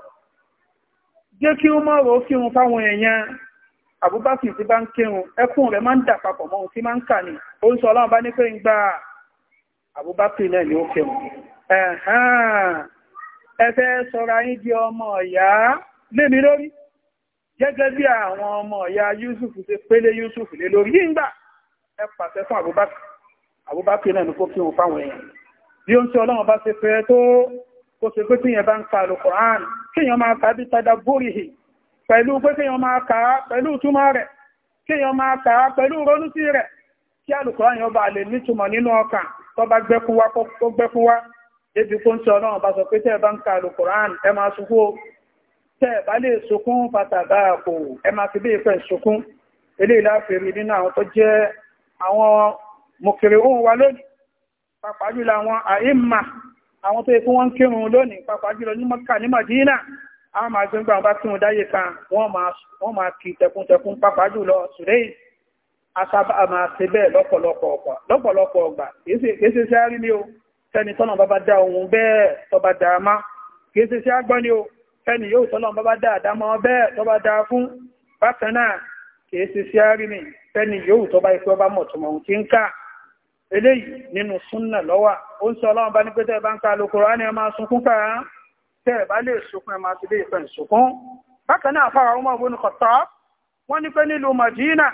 jẹ́ kí ó mọ̀rọ̀ ó kírun fáwọn èèyàn Abubakar ti bá ń kírun ẹkùn rẹ̀ máa ń dà papọ̀ mọ́ ohun tí máa ń kà ní Abubakar náà ni ó kẹwọ̀n ẹfẹ́ sọ́ra yín di ọmọ ọ̀yá lémi lórí gẹ́gẹ́ bí àwọn ọmọ ọ̀yá Yusuf ṣe pélé Yusuf lé lórí nígbà ẹ pàṣẹ fún Abubakar Abubakar náà ni kó kí wọn fáwọn èèyàn bí ó ń tí Ọlọ́run bá ṣe fẹ́ tó kó ṣe pé tíyẹn bá ń ka alukoran kíyàn máa ka bí tada bóríhì pẹ̀lú pé kíyàn máa ka pẹ̀lú túmọ̀ rẹ̀ kíyàn máa ka pẹ̀lú ronúsí rẹ̀ kí alukoran yóò bá lè nítumọ̀ nínú ọkàn tó bá gbẹ́kú wá kó gbẹ́kú wá débi kó ń sọ ọlọ́run bá sọ pé tẹ́ bá ń ka lu Quran ẹ máa sunkún o tẹ́ ẹ bá lè sunkún fàtàbà kò ẹ máa fi bẹ́ẹ̀ fẹ́ sunkún eléyìí láàfin rí nínú àwọn tó jẹ́ àwọn mọ̀kèrè òun wa lónìí pàápàá jùlọ àwọn àìmà àwọn tó yẹ kí wọ́n kírun lónìí pàápàá jùlọ ní Mọ́kà ní Màdínà àwọn máa gbẹ́ngbà wọn bá kírun dáyé kan wọ́n máa kí tẹkùntẹkùn pàápàá jùlọ sùdẹ́yìn asábà máa ṣe bẹ́ẹ̀ lọ́pọ̀lọpọ̀ ọgbà kéèsè sí àárí ní o fẹ́ni tọ́nà bàbá dá ohun bẹ́ẹ̀ tọba dáama kéèsè sí àgbọ́n ní o fẹ́ni yóò tọ́nà bàbá dá àdámọ́ bẹ́ẹ̀ tọba dá fún bákan náà kéèsè sí àárí ní fẹ́ni yóò tọba ikú ọba mọ̀tọ̀mọ̀ ohun tí ń ká eléyìí nínú súnnà lọ́wà ó ń sọ ọlọ́run bá ní pé tẹ́ẹ̀ bá ń ka Al-Kùránì ẹ máa sunkún ká tẹ́ẹ̀ bá lè sunkún ẹ máa ti lè fẹ́ sunkún bákan náà fara Umar ibn Khattab wọ́n ní pé nílùú Madina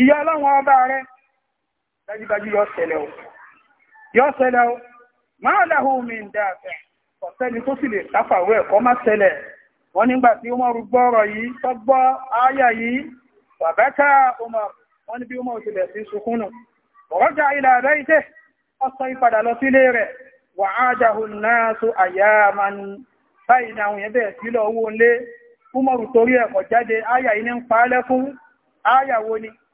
ìyá ọlọ́run ọba rẹ̀ dájúdájú yọ ṣẹlẹ̀ o yọ o máa láhù mi ń dáàfẹ́ ọ̀sẹ́ni tó sì lè sáfàwé ẹ̀kọ́ má ṣẹlẹ̀ wọ́n nígbà tí ó mọ́rù gbọ́rọ̀ yìí tó gbọ́ ááyà yìí bàbẹ́ká ọmọ wọn ni bí ọmọ òṣèlẹ̀ sí sunkúnnù ọ̀rọ̀jà ilẹ̀ abẹ́ ìtẹ́ ọ̀sọ̀ ìpadà lọ sílé rẹ̀ wà á jáhù náà àyà máa ń báyìí ni àwọn yẹn bẹ̀rẹ̀ sí lọ owó nlé fún torí ẹ̀kọ́ jáde yìí ní ń pa á lẹ́kún wo ni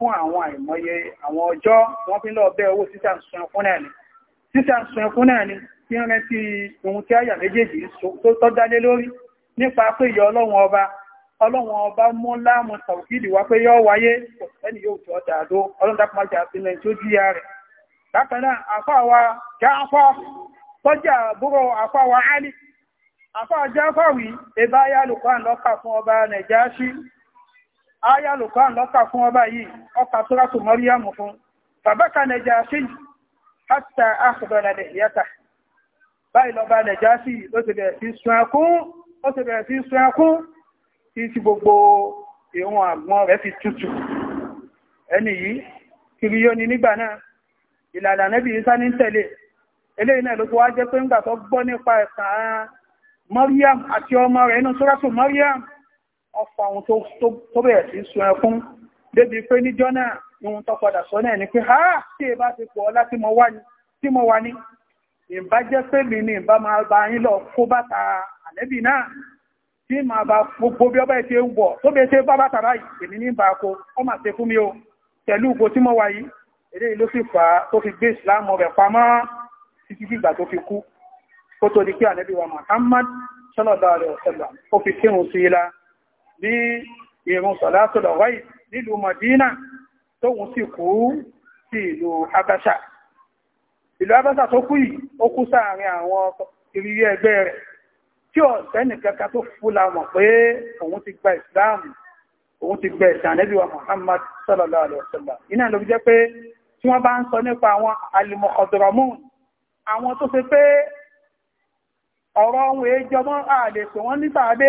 fún àwọn àìmọye àwọn ọjọ́ wọ́n fi lọ bẹ́ owó títà ń sun ẹkún náà ni títà ń sun ẹkún náà ni tí ń rántí ohun tí àyà méjèèjì tó dálé lórí nípa pé ìyọ ọlọ́run ọba ọlọ́run ọba mú láàmú tàwùkìlì wá pé yọ́ wáyé ẹni yóò tọ́ dàdó ọlọ́run dákùnmájà sílẹ̀ tí ó jíya rẹ̀ bákanáà àfáwa jáfọ́ tọ́jà àbúrò àfáwa Àlí àfáwa jáfọ́ wí ẹbá yálùkọ́ àlọ́kà fún ọba Nàìjáṣí aya lùkọ́ lọ́kà fún ọba yìí ọkà túrátù mọ́ríyàmù fún bàbáka nàìjásí hátà àkùdọ̀lẹ̀ nàìjíríà báyìí lọ́ba nàìjásí ló ti bẹ̀rẹ̀ sí sun ẹkún ó ti bẹ̀rẹ̀ sí sun ẹkún tí ti gbogbo ìwọ̀n àgbọn rẹ̀ fi tutù ẹni yìí kiri yóò ní nígbà náà ìlànà nẹ́bí isa ní tẹ̀lé eléyìí náà ló ti wá jẹ́ pé ńgbà tó gbọ́ nípa ẹ̀sán mọ́ríyàm àti ọmọ rẹ̀ inú túrátù mọ́ríyàm ọfà ohun tó bẹ̀rẹ̀ sí sun ẹkún débi pé níjọ́ náà ohun tó padà sọ náà ni pé ha tí ẹ bá ti pọ̀ ọlá tí mo wá ní tí mo wá ní ìbá jẹ́ pé mi ni ìbá máa bá yín lọ kó bàtà àlẹ́bì náà tí màá bá gbogbo bí ọba ètò ewu bọ̀ tó bẹ ṣe bá bàtà báyìí èmi ní ìbá ko ọ mà ṣe fún mi o pẹ̀lú ipò tí mo wà yìí èdè ló sì fà á tó fi gbé islam ọbẹ̀ pamọ́ títí dìgbà tó fi kú kó tó di pé àlẹ́bì wa Muhammad sallallahu alaihi wasallam ó fi kírun sí i la ní ìrun sọ̀látọ̀lọ̀ wáyé nílùú Madina tóhun sì kú sí ìlú Habasha ìlú Habasha tó kú yìí ó kú sáàrin àwọn ìrírí ẹgbẹ́ rẹ̀ tí ọ̀sẹ́ nìkẹ́kẹ́ tó fúla mọ̀ pé òun ti gba ìsìláàmù òun ti gba ẹ̀sìn Ànábì wa Muhammad sallallahu alaihi wasallam iná ló fi jẹ́ pé tí wọ́n bá ń sọ nípa àwọn alimokodramun àwọn tó ṣe pé ọ̀rọ̀ ohun èjọmọ́ àlèsò wọn ní tàbí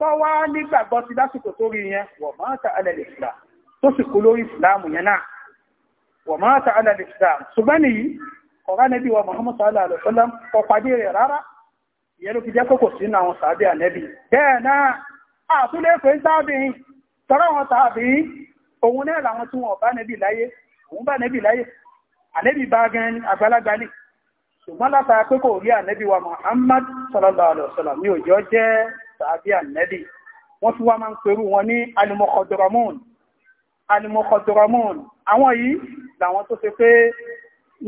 tó wá nígbàgbọ́ sí lásìkò tó rí yẹn wọ̀ máa ta alẹ́ islam tó sì kú lórí islam yẹn náà wọ̀ máa ta alẹ́ islam ṣùgbọ́n nìyí ọ̀rá nẹ́bí wa muhammad sallallahu alaihi wa sallam kò pàdé rẹ̀ rárá ìyẹn ló fi jẹ́ kókò sínú àwọn sàábì ànẹ́bí bẹ́ẹ̀ náà àtúlẹ̀ pé sáàbì tọ́rọ àwọn sàábì òun náà làwọn tí wọn bá nẹ́bí láyé òun bá nẹ́bí láyé ànẹ́bí bá gan àgbàlagbà ni ṣùgbọ́n látara pé kò rí ànẹ́bí wa muhammad sallallahu alaihi wa sallam ní òjò jẹ́ sàábí ànẹ́bì wọ́n tún wá máa ń perú wọn ní alimọ̀kọ̀dọ̀rọ̀mọ́n alimọ̀kọ̀dọ̀rọ̀mọ́n àwọn yìí làwọn tó ṣe pé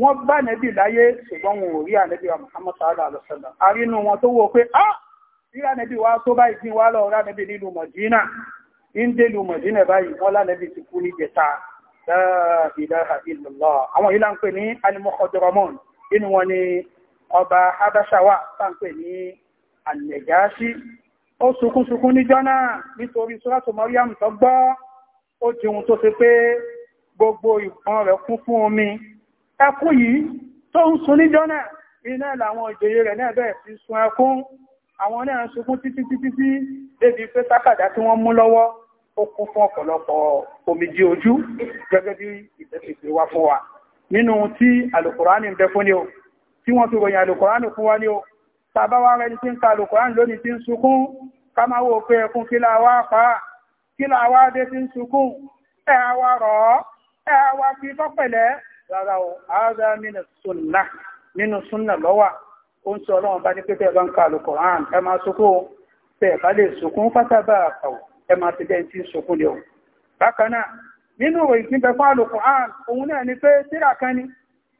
wọ́n bá ànẹ́bì láyé ṣùgbọ́n wọn ò rí ànẹ́bì wa Muhammad sallallahu alaihi wasallam arínú wọn tó wò pé á ọba Habasha wa ń pè ní an ó sunkúnsukún níjọ́ náà nítorí sọ́rọ̀tò Maryam tó gbọ́ ó di ohun tó ṣe pé gbogbo ìpọn rẹ̀ kún fún omi ẹkún yìí tó ń sun níjọ́ náà iná làwọn ìjòyè rẹ̀ náà bẹ̀rẹ̀ sí sun ẹkún àwọn náà sunkún títí títí tí débi pé tákàdá tí wọ́n mú lọ́wọ́ ó kún fún ọ̀pọ̀lọpọ̀ omijé tàbá wá rẹni tí ń ka Al-Qur'an lónìí tí ń sunkún ká máa wò pé ẹkún kí láwá pa kí láwá dé tí ń sunkún ẹ àwa rọ̀ ọ́ ẹ àwa fi tọ́pẹ̀lẹ́ rárá o ààrẹ nínú súnà nínú súnà lọ́wà ó ń sọ ọlọ́run bá ní pé tẹ́ bá ń ka al ẹ máa sunkún tẹ́ bá lè sunkún pátábà àpàwọ̀ ẹ máa ti dẹ́yìn tí ń sunkún lé o bákan náà nínú ìròyìn fún Al-Qur'an òun náà ni pé síra kan ni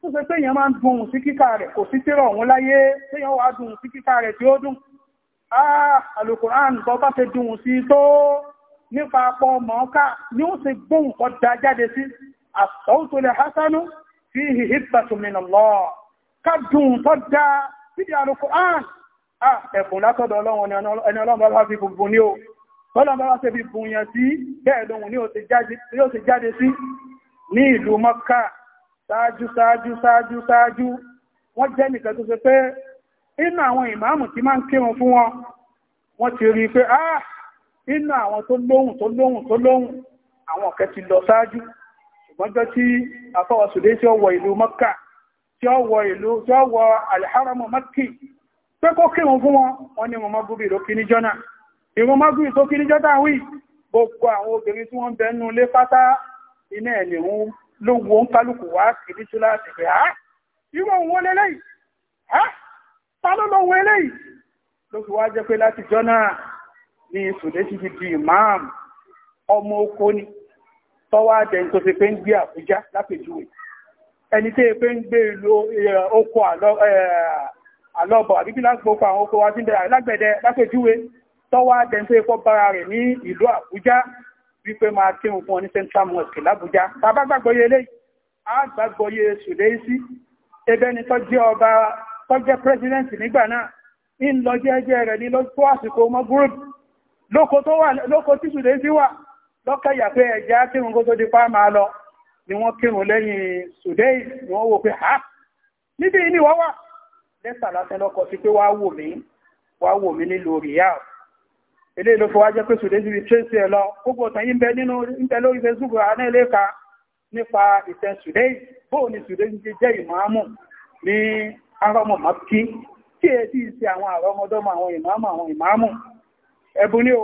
tó ṣe pé èèyàn máa ń dùn sí kíkà rẹ̀ kò sí tírà òun láyé téèyàn wà dùn sí kíkà rẹ̀ tí ó dùn ah, alukuran tó bá ṣe dùn sí tó nípa pọ mọ́ọ́ká ni ó ṣe gbóhùn kọ́ da jáde sí àsọ́ọ̀tò lè hasanu fi hìhì bàtùmínà lọ ká dùn tó da síbi alukuran ah, ẹ̀bùn látọ̀dọ̀ ọlọ́run ẹni ọlọ́run bá fi bùbùn ní o ọlọ́run bá ṣe fi bùn yàn sí bẹ́ẹ̀ lóhun ni ó ṣe jáde sí ní ìlú mọ́ká ṣáájú ṣáájú ṣáájú ṣáájú wọ́n jẹ́ nìkan tó ṣe pé inú àwọn ìmáàmù tí máa ń kírun fún wọn wọ́n ti rí pé ah inú àwọn tó lóhùn tó lóhùn tó lóhùn àwọn ọ̀kẹ́ ti lọ ṣáájú ṣùgbọ́n jọ tí afọ́wọ́ sùdé tí ó wọ ìlú Mọ́kà tí ó wọ ìlú tí ó wọ alìháramù Mọ́kì pé kó kírun fún wọn wọ́n ní mọ́mọ́ gúbì ló kí ní jọ́nà ìwọ́n tó kí ní jọ́nà gbogbo àwọn obìnrin tí wọ́n bẹnu lé pátá iná ẹ̀ ló wo ń kálukú wá kìíní tó láti pé á irú òun wọlé lẹ́yìn á ta ló lọ wọ eléyìí ló fi wá jẹ́ pé láti jọ́ náà ní sùdé ti fi di ìmáàmù ọmọ oko ni tọ́wọ́ àjẹ́ tó fi pé ń gbé àbújá lápèjúwe ẹni tí èpé ń gbé ìlú oko àlọ́bọ̀ àbíbí lágbókò àwọn oko wa ti ń bẹ̀rẹ̀ lágbẹ̀dẹ lápèjúwe tọ́wọ́ àjẹ́ tó fi pọ́ bára rẹ̀ ní ìlú àbújá wípé máa kírun fún ọ ní central mosque làbújá bàbá gbàgbọ́ yé eléyìí á gbàgbọ́ yé sùdẹ́sí ebẹ́ni tó jẹ́ ọba tó jẹ́ president nígbà náà ń lọ jẹ́jẹ́ rẹ̀ ní lọ́pọ̀ àsìkò ọmọ gúrùpù lóko tí sùdẹ́sí wà lọ́kẹ̀yà pé ẹ̀já kírun kó tó di pa máa lọ ni wọ́n kírun lẹ́yìn sùdẹ́sí ni wọ́n wò pé ha níbi ìní wọ́n wà lẹ́tà lásán lọ́kọ̀ sí pé wàá wò mí wàá wò mí nílùú rìyáàbù ilé ìlú fọwọ́ jẹ́ pé sùdé síbi tracy ẹ̀ lọ gbogbo ọ̀tàn yìí ń bẹ nínú ìbẹ̀ lórí facebook àná ilé ka nípa ìtẹ̀ sùdé bóò ni sùdé ti jẹ́ ìmáàmù ní arọ́mọ̀ mọ́kí tí ẹ ti ṣe àwọn àrọ́mọdọ́mọ àwọn ìmáàmù àwọn ìmáàmù ẹ̀bùn ni o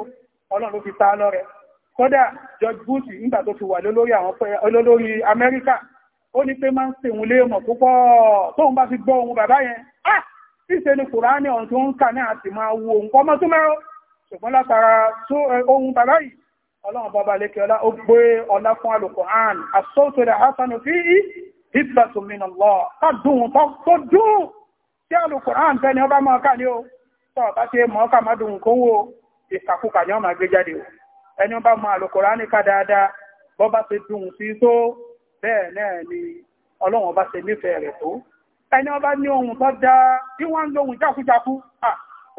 ọlọ́run ló fi ta lọ́rẹ kódà george bush nígbà tó fi wà lólórí àwọn olólórí amẹ́ríkà ó ní pé máa ń sèwọ̀n léèmọ̀ púpọ̀ tóun bá fi gbọ́ ohun bàbá yẹn ah ìṣe ni kùránì ọ̀hún tó ń kà ní àti máa wo ọmọ tó ṣùgbọ́n látara ohun bàbá yìí ọlọ́run bàbá lékè ọlá ó gbé ọlá fún Al-Qur'an as-sawtu al-hasanu fihi hibbatun min Allah kádùn tó dùn tí Al-Qur'an tẹ́ni ọba máa kà ní o tọ́ ọ̀tá ṣe mọ́ ká má dùn kó wo ìkàkùkà ni wọ́n máa gbé jáde o ẹni ọba mọ Al-Qur'an ká dáadáa bọ́ bá ṣe dùn sí tó bẹ́ẹ̀ náà ni ọlọ́run ọba ṣe nífẹ̀ẹ́ rẹ̀ tó ẹni ọba ní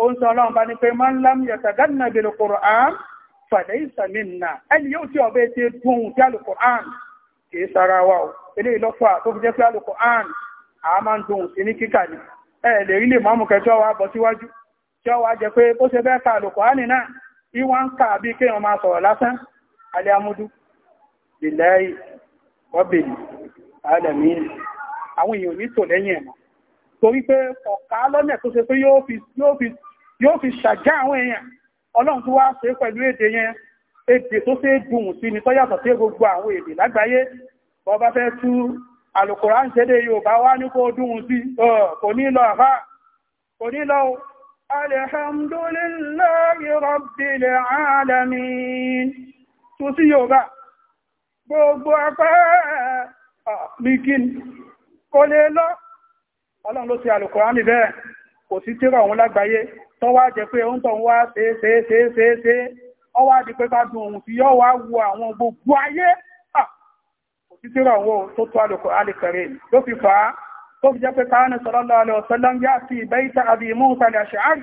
ó ń sọ ọlọ́run bá ní pé máa ń lám yàtàgánà bèèrè Qur'an fàdé ìsàmìnà ẹni yóò tí ọbẹ̀ dùn wa o ilé ìlọ́fà tó fi jẹ́ pé alùkùrán a máa ń dùn sí ní kíkà ní ẹ lè rí lè mọ́mù kẹjọ wa bọ̀ síwájú tí ọ wá jẹ pé ó ṣe bẹ́ẹ̀ ka alùkùrán nínà ìwọ̀n ń kà bí kéèyàn máa sọ̀rọ̀ lásán alẹ́ amúdú ọ̀bẹ̀lì alẹ́mí àwọn èèyàn ní tò lẹ́yìn torí pé fi yóò fi ṣàjá àwọn èèyàn ọlọ́run tó wá ṣe pẹ̀lú èdè yẹn èdè tó ṣe dùn sí ni tó yàtọ̀ sí gbogbo àwọn èdè lágbàáyé bọ́ bá fẹ́ tú alùkùrán ṣédé Yorùbá wá ní kó dùn sí kò ní lọ àfá kò ní lọ alhamdulillahi rabbil alamin tó sí Yorùbá gbogbo apẹ́ bíkín kò lè lọ ọlọ́run ló ṣe alùkùrán níbẹ̀ kò sí tírà òun lágbàáyé tó wá jẹ́ pé ó ń tọ̀ wá ṣeéṣeéṣeéṣe ọ wá di pé bá dùn òun fi yọ́ wá wo àwọn gbogbo ayé ah! òtítírọ̀ àwọn tó tó alìkẹ̀rẹ̀ ló fi fà á tó fi jẹ́ pé káánù sallallahu alaihi wasallam yá sí baita Abi Musa al-Ash'ari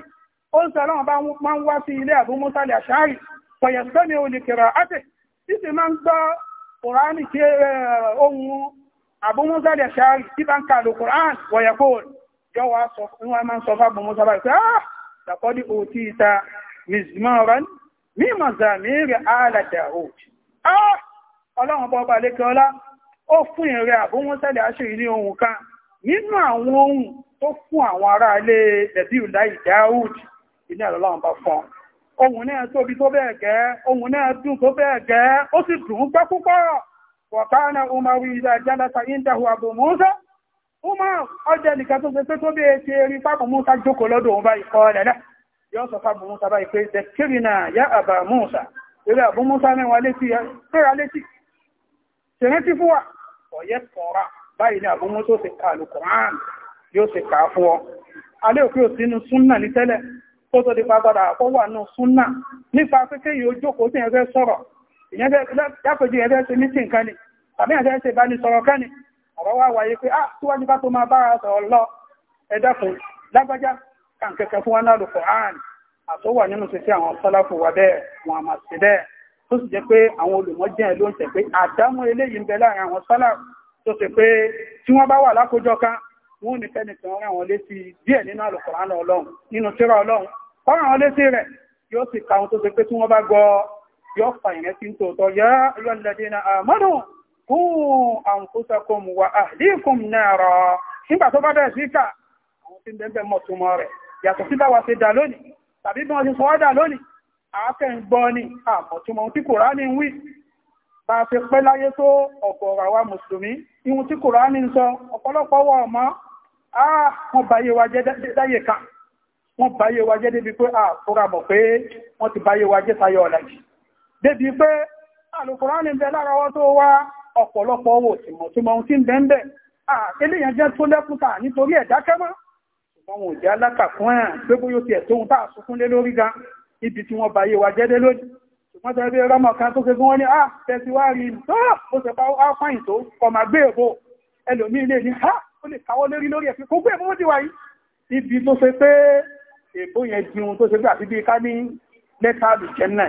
ó ń sọ́lọ́wọ́ bá máa ń wá sí ilé Abu Musa al-Ash'ari fayastami'u li qira'atihi títí máa ń gbọ́ Kùránì kí ohun Abu Musa al-Ash'ari tí bá ń kà lò Kùránì wa yaqul yọ́ wá sọ fún làkọ́dí òtí ìta mizmaran mímọ̀ zamiri ala Daud ọlọ́run bọ́ba lékeọlá ó fún ìrẹ́ àbúmọ́sẹ́lẹ̀ aṣèrí ní ohun kan nínú àwọn ohun tó fún àwọn ará ilé Nabiullahi Daud ilé ọlọ́run bá fún ohun náà tóbi tó bẹ́ẹ̀ gẹ́ ohun náà dùn tó bẹ́ẹ̀ gẹ́ ó sì dùn gbẹ́ púpọ̀ wọ̀kánà umaru ìlà jálata indahu abu musa Umar ọjọ́ nìkan tó ṣe pé tó bèé ṣe rí fábù Musa jókòó lọ́dọ̀ òun báyìí kọ́ ọ̀lẹ̀ náà. Yọ́ sọ fábù Musa báyìí pé Zakirina ya Aba Musa. Eré Abu Musa mẹ́wàá létí péra létí. Ṣèrántí fún wa. Ọ̀yẹ́ kọ̀ọ̀ra báyìí ni Abu Musa ó ṣe ka Al-Qur'an yóò ṣe kà á fún ọ. Alẹ́ òkè ò sínú súnnà ní tẹ́lẹ̀ tó tó di padà àpọ̀ wà nù súnnà nípa pé yóò jókòó sí ẹ̀fẹ́ sọ̀rọ̀. Ìyẹn fẹ́ dápẹ́jú ẹ̀fẹ́ ṣe mítìn kan ni tàbí ẹ̀fẹ́ ṣe bá ní sọ̀rọ̀ kan ọ̀rọ̀ wá wáyé pé ah síwájú bá tó máa bára sọ̀rọ̀ lọ ẹ̀dẹ́kùn lágbájá kàǹkẹ́kẹ́ fún wa náà lùkọ̀ ààrùn àtọ́wà nínú títí àwọn sọ́láfù wà bẹ́ẹ̀ wọn àmà sí bẹ́ẹ̀ tó sì jẹ́ pé àwọn olùmọ́jẹ́ ló ń tẹ̀ pé àdámọ́ eléyìí ń bẹ láàrin àwọn sọ́láfù tó sì pé tí wọ́n bá wà lákójọ kan wọn ò ní fẹ́ nìkan rán wọn létí díẹ̀ nínú àlùkùránì ọlọ́run nínú tírà ọlọ́run ọ̀rọ̀ wọn létí rẹ̀ yóò sì ka àwọn tó ṣe pé tí wọ́n bá gbọ́ yóò fa ìrẹsì ń tòótọ́ yá ayọ́ qu anfusakum wa ahlikum nara nígbà tó bá bẹ̀rẹ̀ sí kà àwọn tí ń bẹ́ẹ̀ mọ̀ túmọ̀ rẹ̀ yàtọ̀ sí báwa ṣe dà lónìí tàbí bí wọ́n ṣe sọ́wọ́ dà lónìí àákẹ́ ń gbọ́ ni àmọ̀túnmọ̀ tí Kùránì ń wí bá a ṣe pẹ́ láyé tó ọ̀gọ̀ọ̀rọ̀ àwa mùsùlùmí ihun wa lára wọn tó wá ọ̀pọ̀lọpọ̀ owó sì mọ̀ tí mọ̀un tí ń bẹ́ẹ̀ àtẹ́lẹ́yàn jẹ́ tó lẹ́kùnta nítorí ẹ̀dá kẹ́mọ́ ṣùgbọ́n wọn ò jẹ́ alákà fún ẹ̀ pé bó yóò ti ẹ̀ tóhun táà sunkún lé lórí gan ibi tí wọ́n bàyé wa jẹ́dé lónìí ṣùgbọ́n tẹ́lẹ̀ bí rámọ̀ kan tó ṣe fún wọn ní à tẹ́sí wá rí tó ó ṣe pa á fáyìn tó kọmà gbé èbó ẹlòmí ilé ní ha ó lè káwọ́ lórí lórí ẹ̀fí kó gbé èbó ti wà yìí ibi tó ṣe pé èbó yẹn di ohun tó ṣe gbà bíbí ká ní lẹ́tà àlùjẹ́ náà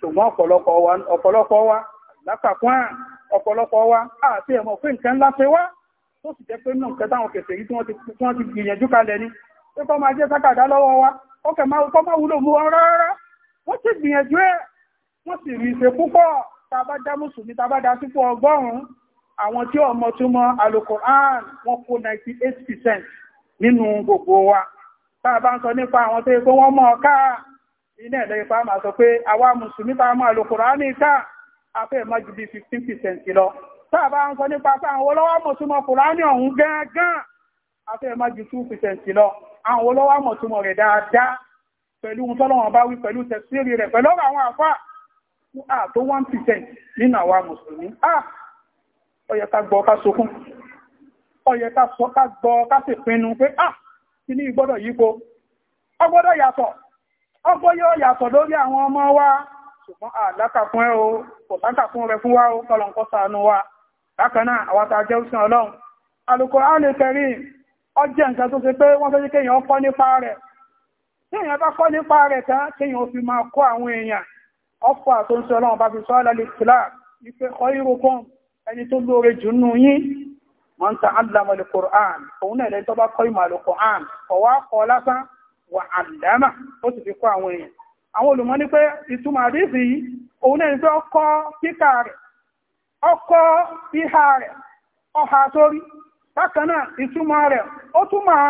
ṣùgbọ́n ọ̀pọ̀lọpọ̀ wa lápapọ̀ à ọ̀pọ̀lọpọ̀ wa àti ẹ̀mọ̀ pé nǹkan ńlá ṣe wá tó sì jẹ́ pé náà nǹkan táwọn kẹsẹ̀ yìí tí wọ́n ti gbìyànjú kalẹ̀ ni pé kọ́ máa jẹ́ sákàdá lọ́wọ́ wa ọkẹ̀ máa kọ́ máa wúlò mú wọn rárá wọ́n sì gbìyànjú ẹ̀ wọ́n sì rí ìṣe púpọ̀ tá a bá dá mùsùlùmí tá a bá dá sí fún ọgọ́rùn-ún àwọn tí ọmọ túmọ̀ alukoran wọ́n kó 98 percent nínú gbogbo wa tá a bá ń sọ nípa àwọn tó yẹ pé wọ́n mọ̀ káà iná ẹ̀lọ́ ipá máa sọ pé àwa mùsùlùmí bá máa lo kùránì ká afẹ́ mọ́ ju bí fifteen percent lọ tá a bá ń sọ nípa pé àwọn olówó mọ̀túmọ̀ kùránì ọ̀hún gángan afẹ́ mọ́ ju two percent lọ àwọn olówó mọ̀túmọ̀ rẹ̀ dáadáa pẹ̀lú ohun tọ́lọ́wọ́n bá wí pẹ̀lú tẹ̀síìrì rẹ̀ pẹ̀lú ọ̀rọ̀ àwọn àfà tó one percent nínú àwa mùsùlùmí ó yẹ ká gbọ́ ká sọkún ó yẹ ká gbọ́ ká sì pinnu pé ah kí ní ìgbọ́dọ̀ yípo ó gbọ́dọ̀ yàtọ̀ ọgbọ́ yóò yàtọ̀ lórí àwọn ọmọ wa ṣùgbọ́n àlákàkún ẹ o kò sákàkún rẹ fún wa o kọlọ̀nkọ́ sànú wa bákan náà àwọn tá a jẹ́ òsìn ọlọ́run Al-Qur'an Karim ó jẹ́ nǹkan tó ṣe pé wọ́n fẹ́ kéèyàn kọ́ nípa rẹ̀ tí èèyàn bá kọ́ nípa rẹ̀ ta àdàmọ̀lẹ̀ Qur'an òun náà lẹ́ni tó bá kọ́ ìmọ̀ Al-Qur'an ọ̀wá kọ́ lásán wà àdámà ó sì fi kọ́ àwọn èèyàn àwọn olùmọ̀ ní pé ìtumọ̀ àdéhùn yìí òun náà ń pé ọkọ̀ píkà rẹ̀ ọkọ̀ rẹ̀ ọha sórí bákan náà ìtumọ̀ rẹ̀ ó túmọ̀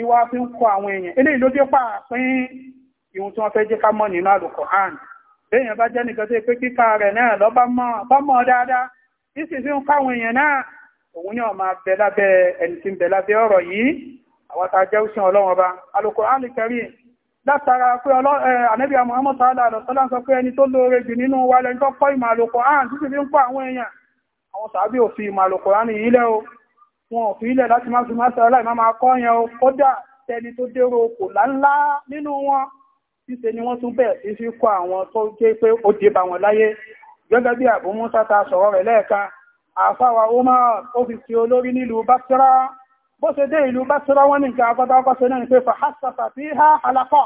ìwà fi ń kọ́ àwọn èèyàn eléyìí ló dé ìhun tí wọ́n fẹ́ jẹ́ ká nínú bá jẹ́ nìkan pé rẹ̀ náà bá bá dáadáa ń èèyàn náà òun yóò máa àwọn tàà jẹ́ òṣìn ọlọ́run ọba Al-Qur'an Al-Karim látara pé ànábì Muhammad sallallahu alaihi wasallam sọ pé ẹni tó lóore jù nínú wa lẹ́ni tó kọ́ ìmọ̀ Al-Qur'an títí fi ń kọ́ àwọn èèyàn àwọn sàábì ò fi ìmọ̀ Al-Qur'an yìí lẹ́ o wọn ò fi ilẹ̀ láti o kódà tẹni tó dérò kò láńlá nínú wọn ṣíṣe ni wọ́n tún bẹ̀rẹ̀ sí fi kọ́ àwọn tó jẹ́ pé ó dé bá wọn láyé gẹ́gẹ́ bí Abu Musa ta sọ̀rọ̀ rẹ̀ lẹ́ẹ̀kan àfáwà Umar ó fi ti olórí nílùú Basra bó ṣe dé ìlú Basra wọ́n ní nǹkan agbọ́dá ọkọ̀ ṣe náà ni pé fàhásàfà fi ha halakọ́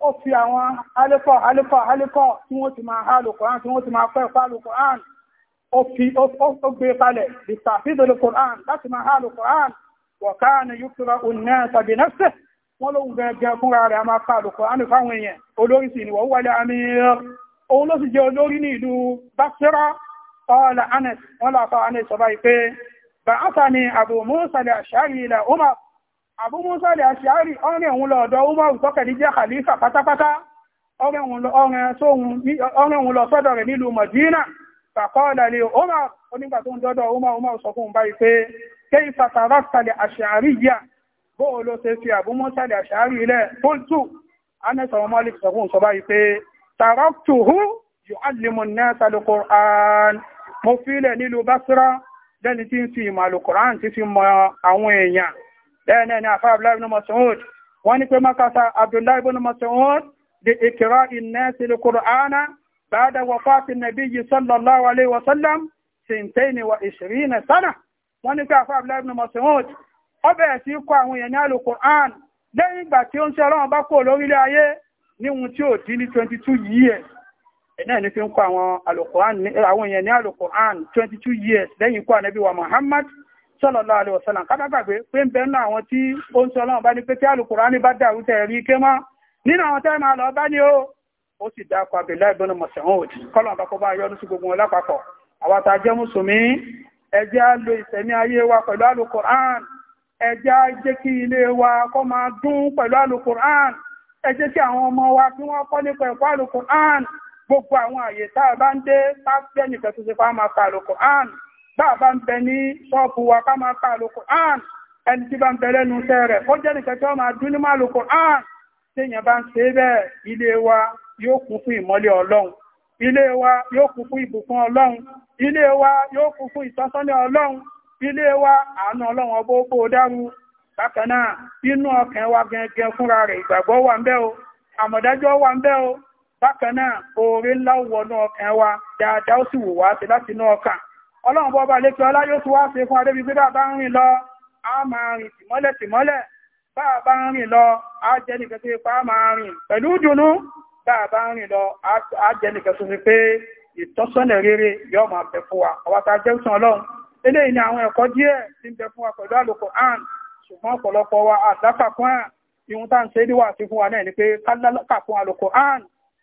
ó fi àwọn alikọ́ alikọ́ alikọ́ tí wọ́n ti máa hálù Qur'an tí wọ́n ti máa kọ́ ẹ̀kọ́ hálù Qur'an ó fi ó gbé kalẹ̀ bí tàfídòlù ha láti máa hálù Qur'an wọ̀káàni yúkúra òní tàbí nẹ́sẹ̀ wọ́n lóhun gẹ́gẹ́ fúnra rẹ̀ a máa kààlù Kùránì fáwọn èèyàn olórí sí ni wọ́n wọlé amir òun ló sì jẹ́ olórí ní ìlú Basra ọ̀ọ̀lá Anas wọ́n láfà Anas sọ báyìí pé بعثني أبو موسى الأشعري إلى عمر أبو موسى الأشعري ọ̀rẹ́ òun lọ ọ̀dọ̀ Umar tọ́kẹ̀ ní jẹ́ Khalifa pátápátá ọ̀rẹ́ òun lọ sọ́dọ̀ rẹ̀ nílùú Madina فقال لي Umar onígbà tó ń dọ́dọ̀ Umar Umar sọ كيف تركت الأشعري bóò ló ṣe fi Abu Musa al-Ash'ari ilẹ̀ fúltù anẹ́sàn Malik sọ fún sọ lẹ́ni tí ń fi ìmọ̀ àlùkùrán ti fi mọ àwọn èèyàn lẹ́yìn ẹni àfáà abdullahi ibn wọ́n ní pé makasa abdullahi ibn mas'ud di ìkìrọ̀ ìnẹ́sì lùkùránà ba'da wafati nabiyyi sallallahu alayhi wa sallam sintaini wa ishirina sana wọ́n ní pé àfáà abdullahi ibn mas'ud ó bẹ̀rẹ̀ sí kọ́ àwọn èèyàn ní àlùkùrán lẹ́yìn ìgbà tí ó ń ṣe ọlọ́run bá kúrò lórílẹ̀ ayé níhun tí ò dín ní 22 years náà ní fi ń kọ́ àwọn alukoran àwọn èèyàn ní alukoran twenty two years lẹ́yìn ikú ànábì wa muhammad sallallahu alaihi wasallam kábàgbàgbé pé ń bẹ nínú àwọn tí ó ń sọ ọlọ́run bá ní pé tí alukoran bá dàrú tẹ̀ rí ké mọ́ nínú àwọn tẹ́ máa lọ bá ní o ó sì dákọ abdullahi ibn mas'ud kọ́lọ̀ bá kó bá yọnu sí gbogbo wọn lápapọ̀ àwọn tá a jẹ́ mùsùlùmí ẹ jẹ́ á lo ìsẹ̀mí ayé wa pẹ̀lú alukoran ẹ jẹ́ á jẹ́ kí ilé wa kó máa dún pẹ̀lú alukoran ẹ jẹ́ kí ọmọ wa kí wọ́n kọ́ nípa ẹ̀kọ́ alukoran gbogbo àwọn àyè tá a bá ń dé tá a fẹ́ nìkan tó ṣe fún àmà ká àlòkò án bá a bá ń bẹ ní ṣọ́ọ̀bù wa ká máa ká àlòkò án ẹni tí bá ń bẹ lẹ́nu iṣẹ́ rẹ̀ ó jẹ́ nìkan tí wọ́n máa dún ní màlòkò án téèyàn bá ń ṣe bẹ́ẹ̀ ilé wa yóò kún fún ìmọ́lẹ̀ ọlọ́run ilé wa yóò kún fún ìbùkún ọlọ́run ilé wa yóò kún fún ìtọ́sọ́nà ọlọ́run ilé wa àánú ọlọ́run ọgbó kó dárú bákan náà inú ọkàn wa gẹngẹn fúnra rẹ̀ ìgbàgbọ́ wà ń bẹ o àmọ̀dájọ́ wà ń bẹ o bákan náà oore ńlá wọnú ọkàn wa dáadáa ó sì wò wá sí láti inú ọkàn ọlọ́run bọ́ba létí ọlá yóò tún wá ṣe fún adébí pé bàbá ń rìn lọ a máa rìn tìmọ́lẹ̀ tìmọ́lẹ̀ bàbá ń rìn lọ a jẹ́ nìkan tó pa a máa rìn pẹ̀lú dùnú bàbá ń rìn lọ a jẹ́ nìkan tó fi pé ìtọ́sọ́nà rere yóò máa bẹ fún wa ọba tá a jẹ́ sàn ọlọ́run eléyìí ni àwọn ẹ̀kọ́ díẹ̀ tí ń bẹ fún wa pẹ̀lú àlòkò àn ṣùgbọ́n ọ̀pọ̀lọpọ̀ wa àdákà àn ìhun tá à ń ṣe é díwà sí fún wa náà ni pé kálákà fún àlòkò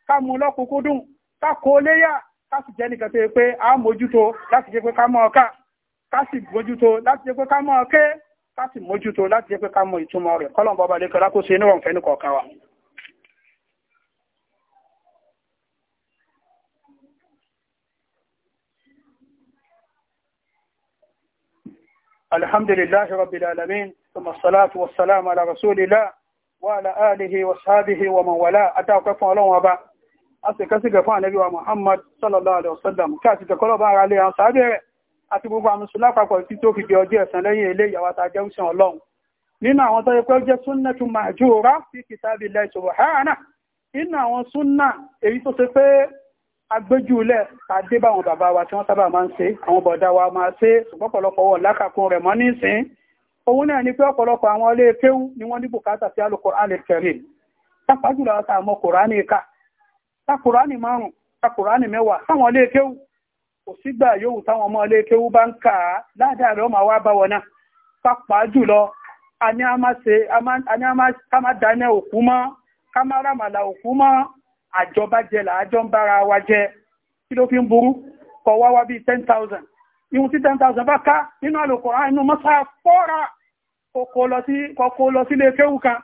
ká mú lọ́kùnkúndùn ká kó léyà ká sì jẹ́ nìkan tó yẹ pé a mójútó láti jẹ́ pé ká mọ̀ ọ́ká ká sì mójútó láti jẹ́ pé ká mọ̀ ọ́ké ká sì mójútó láti jẹ́ pé ká mọ̀ ìtumọ̀ rẹ̀ kọ́lọ̀ bọ́ba lẹ́kọ̀ọ́ lákòóso inú ọ̀fẹ́ nìkọ̀ọ̀kan wa. الحمد لله رب العالمين ثم الصلاة والسلام على رسول الله وعلى آله وصحبه ومن والاه أتاكم الله وبعد àṣẹ̀kẹ́sìgẹ̀ fún ànẹ́bíwa Muhammad sallallahu alaihi wasallam kí àti tẹ̀kọ́lọ̀ bá ara lè hàn sáábẹ̀ rẹ̀ àti gbogbo àmùsùn lápapọ̀ tí tó fi di ọjọ́ ẹ̀san lẹ́yìn ilé ìyàwó àtàjẹ́ òṣìṣàn ọlọ́run nínú àwọn tó yẹ pé ó jẹ́ súnnà tún máa jù rá sí kitabillahi subhanahu nínú àwọn súnnà èyí tó ṣe pé agbéjúlẹ̀ tàdé báwọn bàbá wa tí wọ́n sábà máa ń ṣe àwọn bọ̀dá wa máa ṣe ṣùgbọ́n ọ̀pọ̀lọpọ̀ wọ̀ lákàkún rẹ̀ mọ́ nísìn òun náà ni pé ọ̀pọ̀lọpọ̀ àwọn ilé kéwú ni wọ́n ní bùkátà sí Al-Qur'an al-Karim pápá jùlọ àwọn àmọ́ Kùránì kà takùránì márùn takùránì mẹ́wàá táwọn ilé kéwú kò sígbà yóò táwọn ọmọ ilé kéwú bá ń kà á ládàá rẹ̀ ọmọ wa bá wọn náà pàápàá jùlọ a ní a máa dáná òkú mọ́ ká ràmàlà òkú mọ́ àjọba jẹ làájọ ń bára wa jẹ kí ló fi ń burú kọ wá wá bíi ten thousand ihun tí ten thousand bá ká nínú àlòkọ̀ọ́ inú mọ́sá fọ́ra kọ̀kọ̀ lọ sí ilé kéwú kan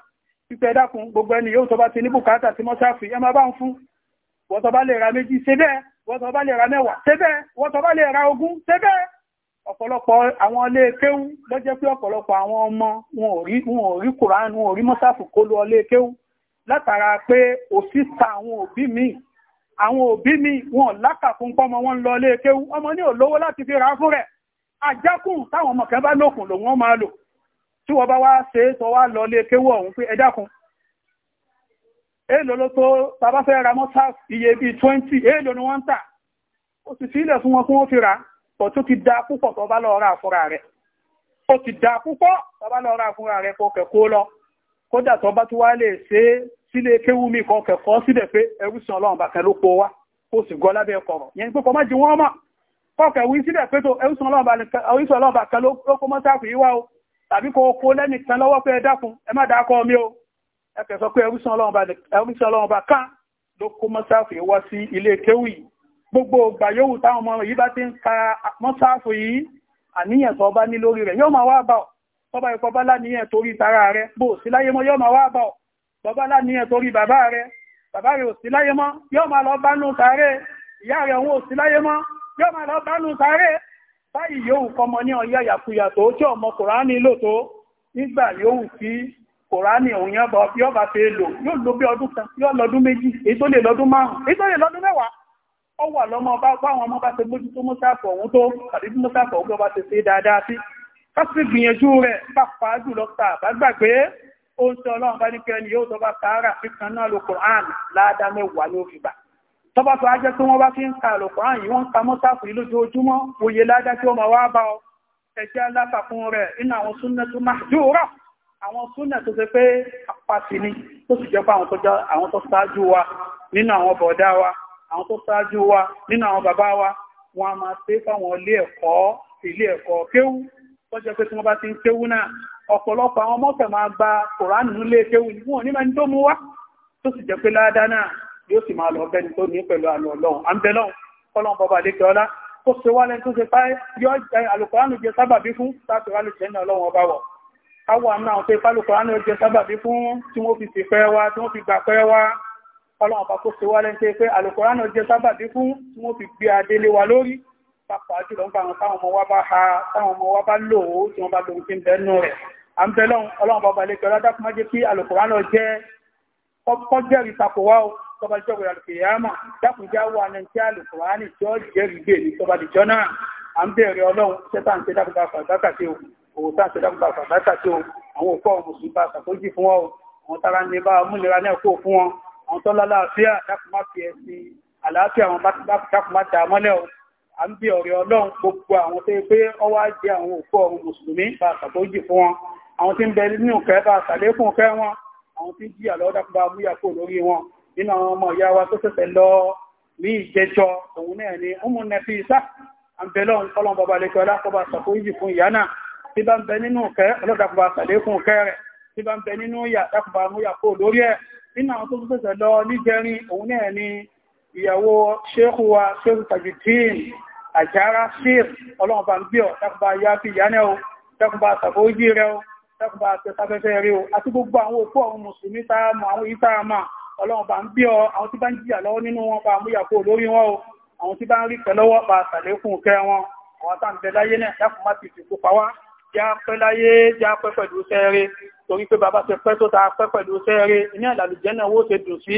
pípẹ́ dákun gbogbo ẹni yóò tó bá ti ní bùkátà tí mọ́sáàfì ẹ máa bá ń fún wọ́n tó bá lè ra méjì ṣe bẹ́ẹ̀ wọ́n tó bá lè ra mẹ́wàá ṣe bẹ́ẹ̀ wọ́n tó bá lè ra ogún ṣe bẹ́ẹ̀ ọ̀pọ̀lọpọ̀ àwọn ilé kéwú ló jẹ́ pé ọ̀pọ̀lọpọ̀ àwọn ọmọ wọn ò rí wọn ò rí kùránù wọn ò rí mọ́sáàfù kó lọ ilé kéwú látara pé òsì ta àwọn òbí mi àwọn òbí mi wọn lákàkún pọ́mọ wọn lọ ilé kéwú ọmọ ní òlówó láti fi ra fún rẹ̀ àjákùn táwọn ọmọ kan bá lòkùn lòun wọn máa tí wọ́n bá wá ṣe é tó wá lọ ilé kéwú ọ̀hún pé ẹ dákun èèlò ló tó tàbá fẹ́ ra mọ́tàs iye bí 20 èèlò ni wọ́n ń tà ó ti sílẹ̀ fún wọn fún wọn fi rà pọ̀ tó ti da púpọ̀ tó bá lọ ra fúnra rẹ̀ ó ti da púpọ̀ tó bá lọ ra fúnra rẹ̀ kó kẹ̀kọ́ lọ kódà tó bá tó wá lè ṣe é sílé kéwú mi kan kẹ̀kọ́ síbẹ̀ pé ẹrúsìn ọlọ́run bàkẹ́ ló po wá ó sì gọ́ lábẹ́ kọ̀rọ̀ yẹn pé kọ́ má jí wọ́n mọ̀ kọ́kẹ́ wí síbẹ̀ pé tó ẹrúsìn ọlọ́run bàkẹ́ ló kó mọ́tàkù yíwá o tàbí kó kó lẹ́nìkan lọ́wọ́ pé ẹ dákun ẹ má dákọ́ mi o ẹkẹ sọ pé ẹrúsàn ọlọ́run bá kán ló kó mọ́sáàfù yìí wá sí ilé kéwì gbogbo ìgbà yòówù táwọn ọmọ yìí bá ti ń ka mọ́sáàfù yìí àníyàn tó bá ní lórí rẹ̀ yóò máa wá bá ọ tọ́ba ìkọ́ bá láníyàn torí tara rẹ̀ bó sí láyé mọ́ yóò máa wá bá ọ bàbá láníyàn torí bàbá rẹ̀ bàbá rẹ̀ ò sí láyé mọ́ yóò máa lọ bánú sáré ìyá rẹ̀ òun ò kọmọ ní ọyá yàkuyà tó tí ọmọ kùránì lòtó nígbà yòówù tí kòránì òun yọ́bà yọ́bà fẹ́ lò yóò lò bí ọdún kan yóò lọ́dún méjì èyí tó lè lọ́dún márùn-ún èyí tó lè lọ́dún mẹ́wàá ó wà lọ́mọ bá báwọn ọmọ bá ṣe mójú tó mọ́sáàfù ọ̀hún tó tàbí bí mọ́sáàfù ọ̀hún bá ṣe ṣe dáadáa sí kásì gbìyànjú rẹ̀ pàpà jùlọ ta bá gbàgbé ó ń sọ ọlọ́run bá ní pé ẹni yóò tọ́ba sàárà fíkan náà lo Quran láàdá mẹ́wàá ló fi gbà tọ́ba tó ajẹ́ tó wọ́n bá fi ń ka lo Quran yìí wọ́n ń ka mọ́sáàfù yìí lójoojúmọ́ òye ládá tí ó máa wá bá ọ ẹ̀jẹ̀ alákàkún rẹ̀ inú àwọn sunnatu mahjura àwọn súnà tó ṣe pé apáti ni tó sì jẹ́ àwọn tó ṣáájú wa nínú àwọn bọ̀dá wa àwọn tó ṣáájú wa nínú àwọn bàbá wa wọn a máa ṣe fáwọn ilé ẹ̀kọ́ ilé ẹ̀kọ́ kéwú tó jẹ́ pé tí wọ́n bá ti ń kéwú náà ọ̀pọ̀lọpọ̀ àwọn mọ́fẹ̀ máa gba kòránù nílé kéwú ni wọn ò ní máa ń tó mú wá tó sì jẹ́ pé ládá náà yóò sì máa lọ bẹni tó ní pẹ̀lú àlọ́ ọlọ́run à ń bẹ awà náà pé pálùkọ̀ á ní oúnjẹ sábàbí fún tí wọ́n fi ṣèfẹ́ wa tí wọ́n fi gbà pẹ́ wa ọlọ́run bá kó ṣe wá lẹ́ńtẹ́ pé àlùkọ̀rán náà jẹ́ sábàbí fún tí wọ́n fi gbé adélé wa lórí pàpà jùlọ ń bá àwọn táwọn ọmọ wa bá ha táwọn wa bá lò ó tí wọ́n bá lòun ti ń bẹ́ nù rẹ̀ à ń òwò tá àṣẹ dákúbà fàtàkà tí ó àwọn òkú ọmọ sí bá ṣàkójì fún wọn àwọn tára ní bá múnira ní ẹ̀kọ́ fún wọn àwọn tó lálàáfíà dákùnmá fi ẹ̀sìn àlàáfíà àwọn dákùnmá dà mọ́lẹ̀ o à ń bí ọ̀rẹ́ ọlọ́run gbogbo àwọn tó yẹ pé ọwọ́ á jẹ àwọn òkú ọmọ mùsùlùmí bá ṣàkójì fún wọn àwọn tí ń bẹ nínú kẹ́ bá ṣàlékún kẹ́ wọn àwọn tí ń jí àlọ́ dákùnbá múyàkó lórí wọn nínú àwọn ọmọ ìyá wa tó ṣẹ̀ṣẹ̀ lọ ní ìjẹjọ òun náà ni ó mú nẹfí isá àbẹ̀lọ́run tí bá ń bẹ nínú kẹ́ ọlọ́dàkùnbà sàlékùn kẹ́ rẹ̀ tí bá ń bẹ nínú yà dákùnbà múyà kó lórí ẹ̀ nínú àwọn tó tún tẹ̀sẹ̀ lọ níjẹrin òun náà ni ìyàwó ṣéhù ṣéhù tajudeen àjára ṣíf ọlọ́ọ̀bà ń bíọ̀ dákùnbà ya fi ìyánẹ́ o dákùnbà sàfójì rẹ o dákùnbà tẹsafẹ́fẹ́ rẹ o àti gbogbo àwọn òkú àwọn mùsùlùmí táàmù àwọn ìtààmà ọlọ́ọ̀bà ń bíọ̀ àwọn tí bá ń jìyà lọ́wọ́ nínú wọn bá múyà kó lórí wọn o àwọn tí bá ń rí pẹ̀lọ́wọ́ bá sàlékùn kẹ́ wọn àwọn táà ń bẹ láyé náà dákùnbà ti fi kópa wá já pẹ́ láyé já pẹ́ pẹ̀lú sẹ́ẹ̀rẹ́ torí pé bàbá ṣe pẹ́ tó ta pẹ́ pẹ̀lú sẹ́ẹ̀rẹ́ ní àlàlùjẹ́ náà wó ṣe dùn sí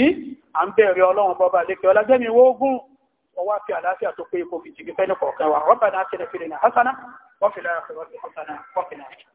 à ń bẹ̀rẹ̀ ọlọ́run bọ́ba lékè ọlájẹ́mi wógún ọwá fi àlàáfíà tó pé ipò fìjìgì fẹ́ ní kọ̀ọ̀kan wa rọ́bà náà tẹ̀lé fìlẹ̀ náà hasana wọ́n fi lára fẹ́ wọ́n fi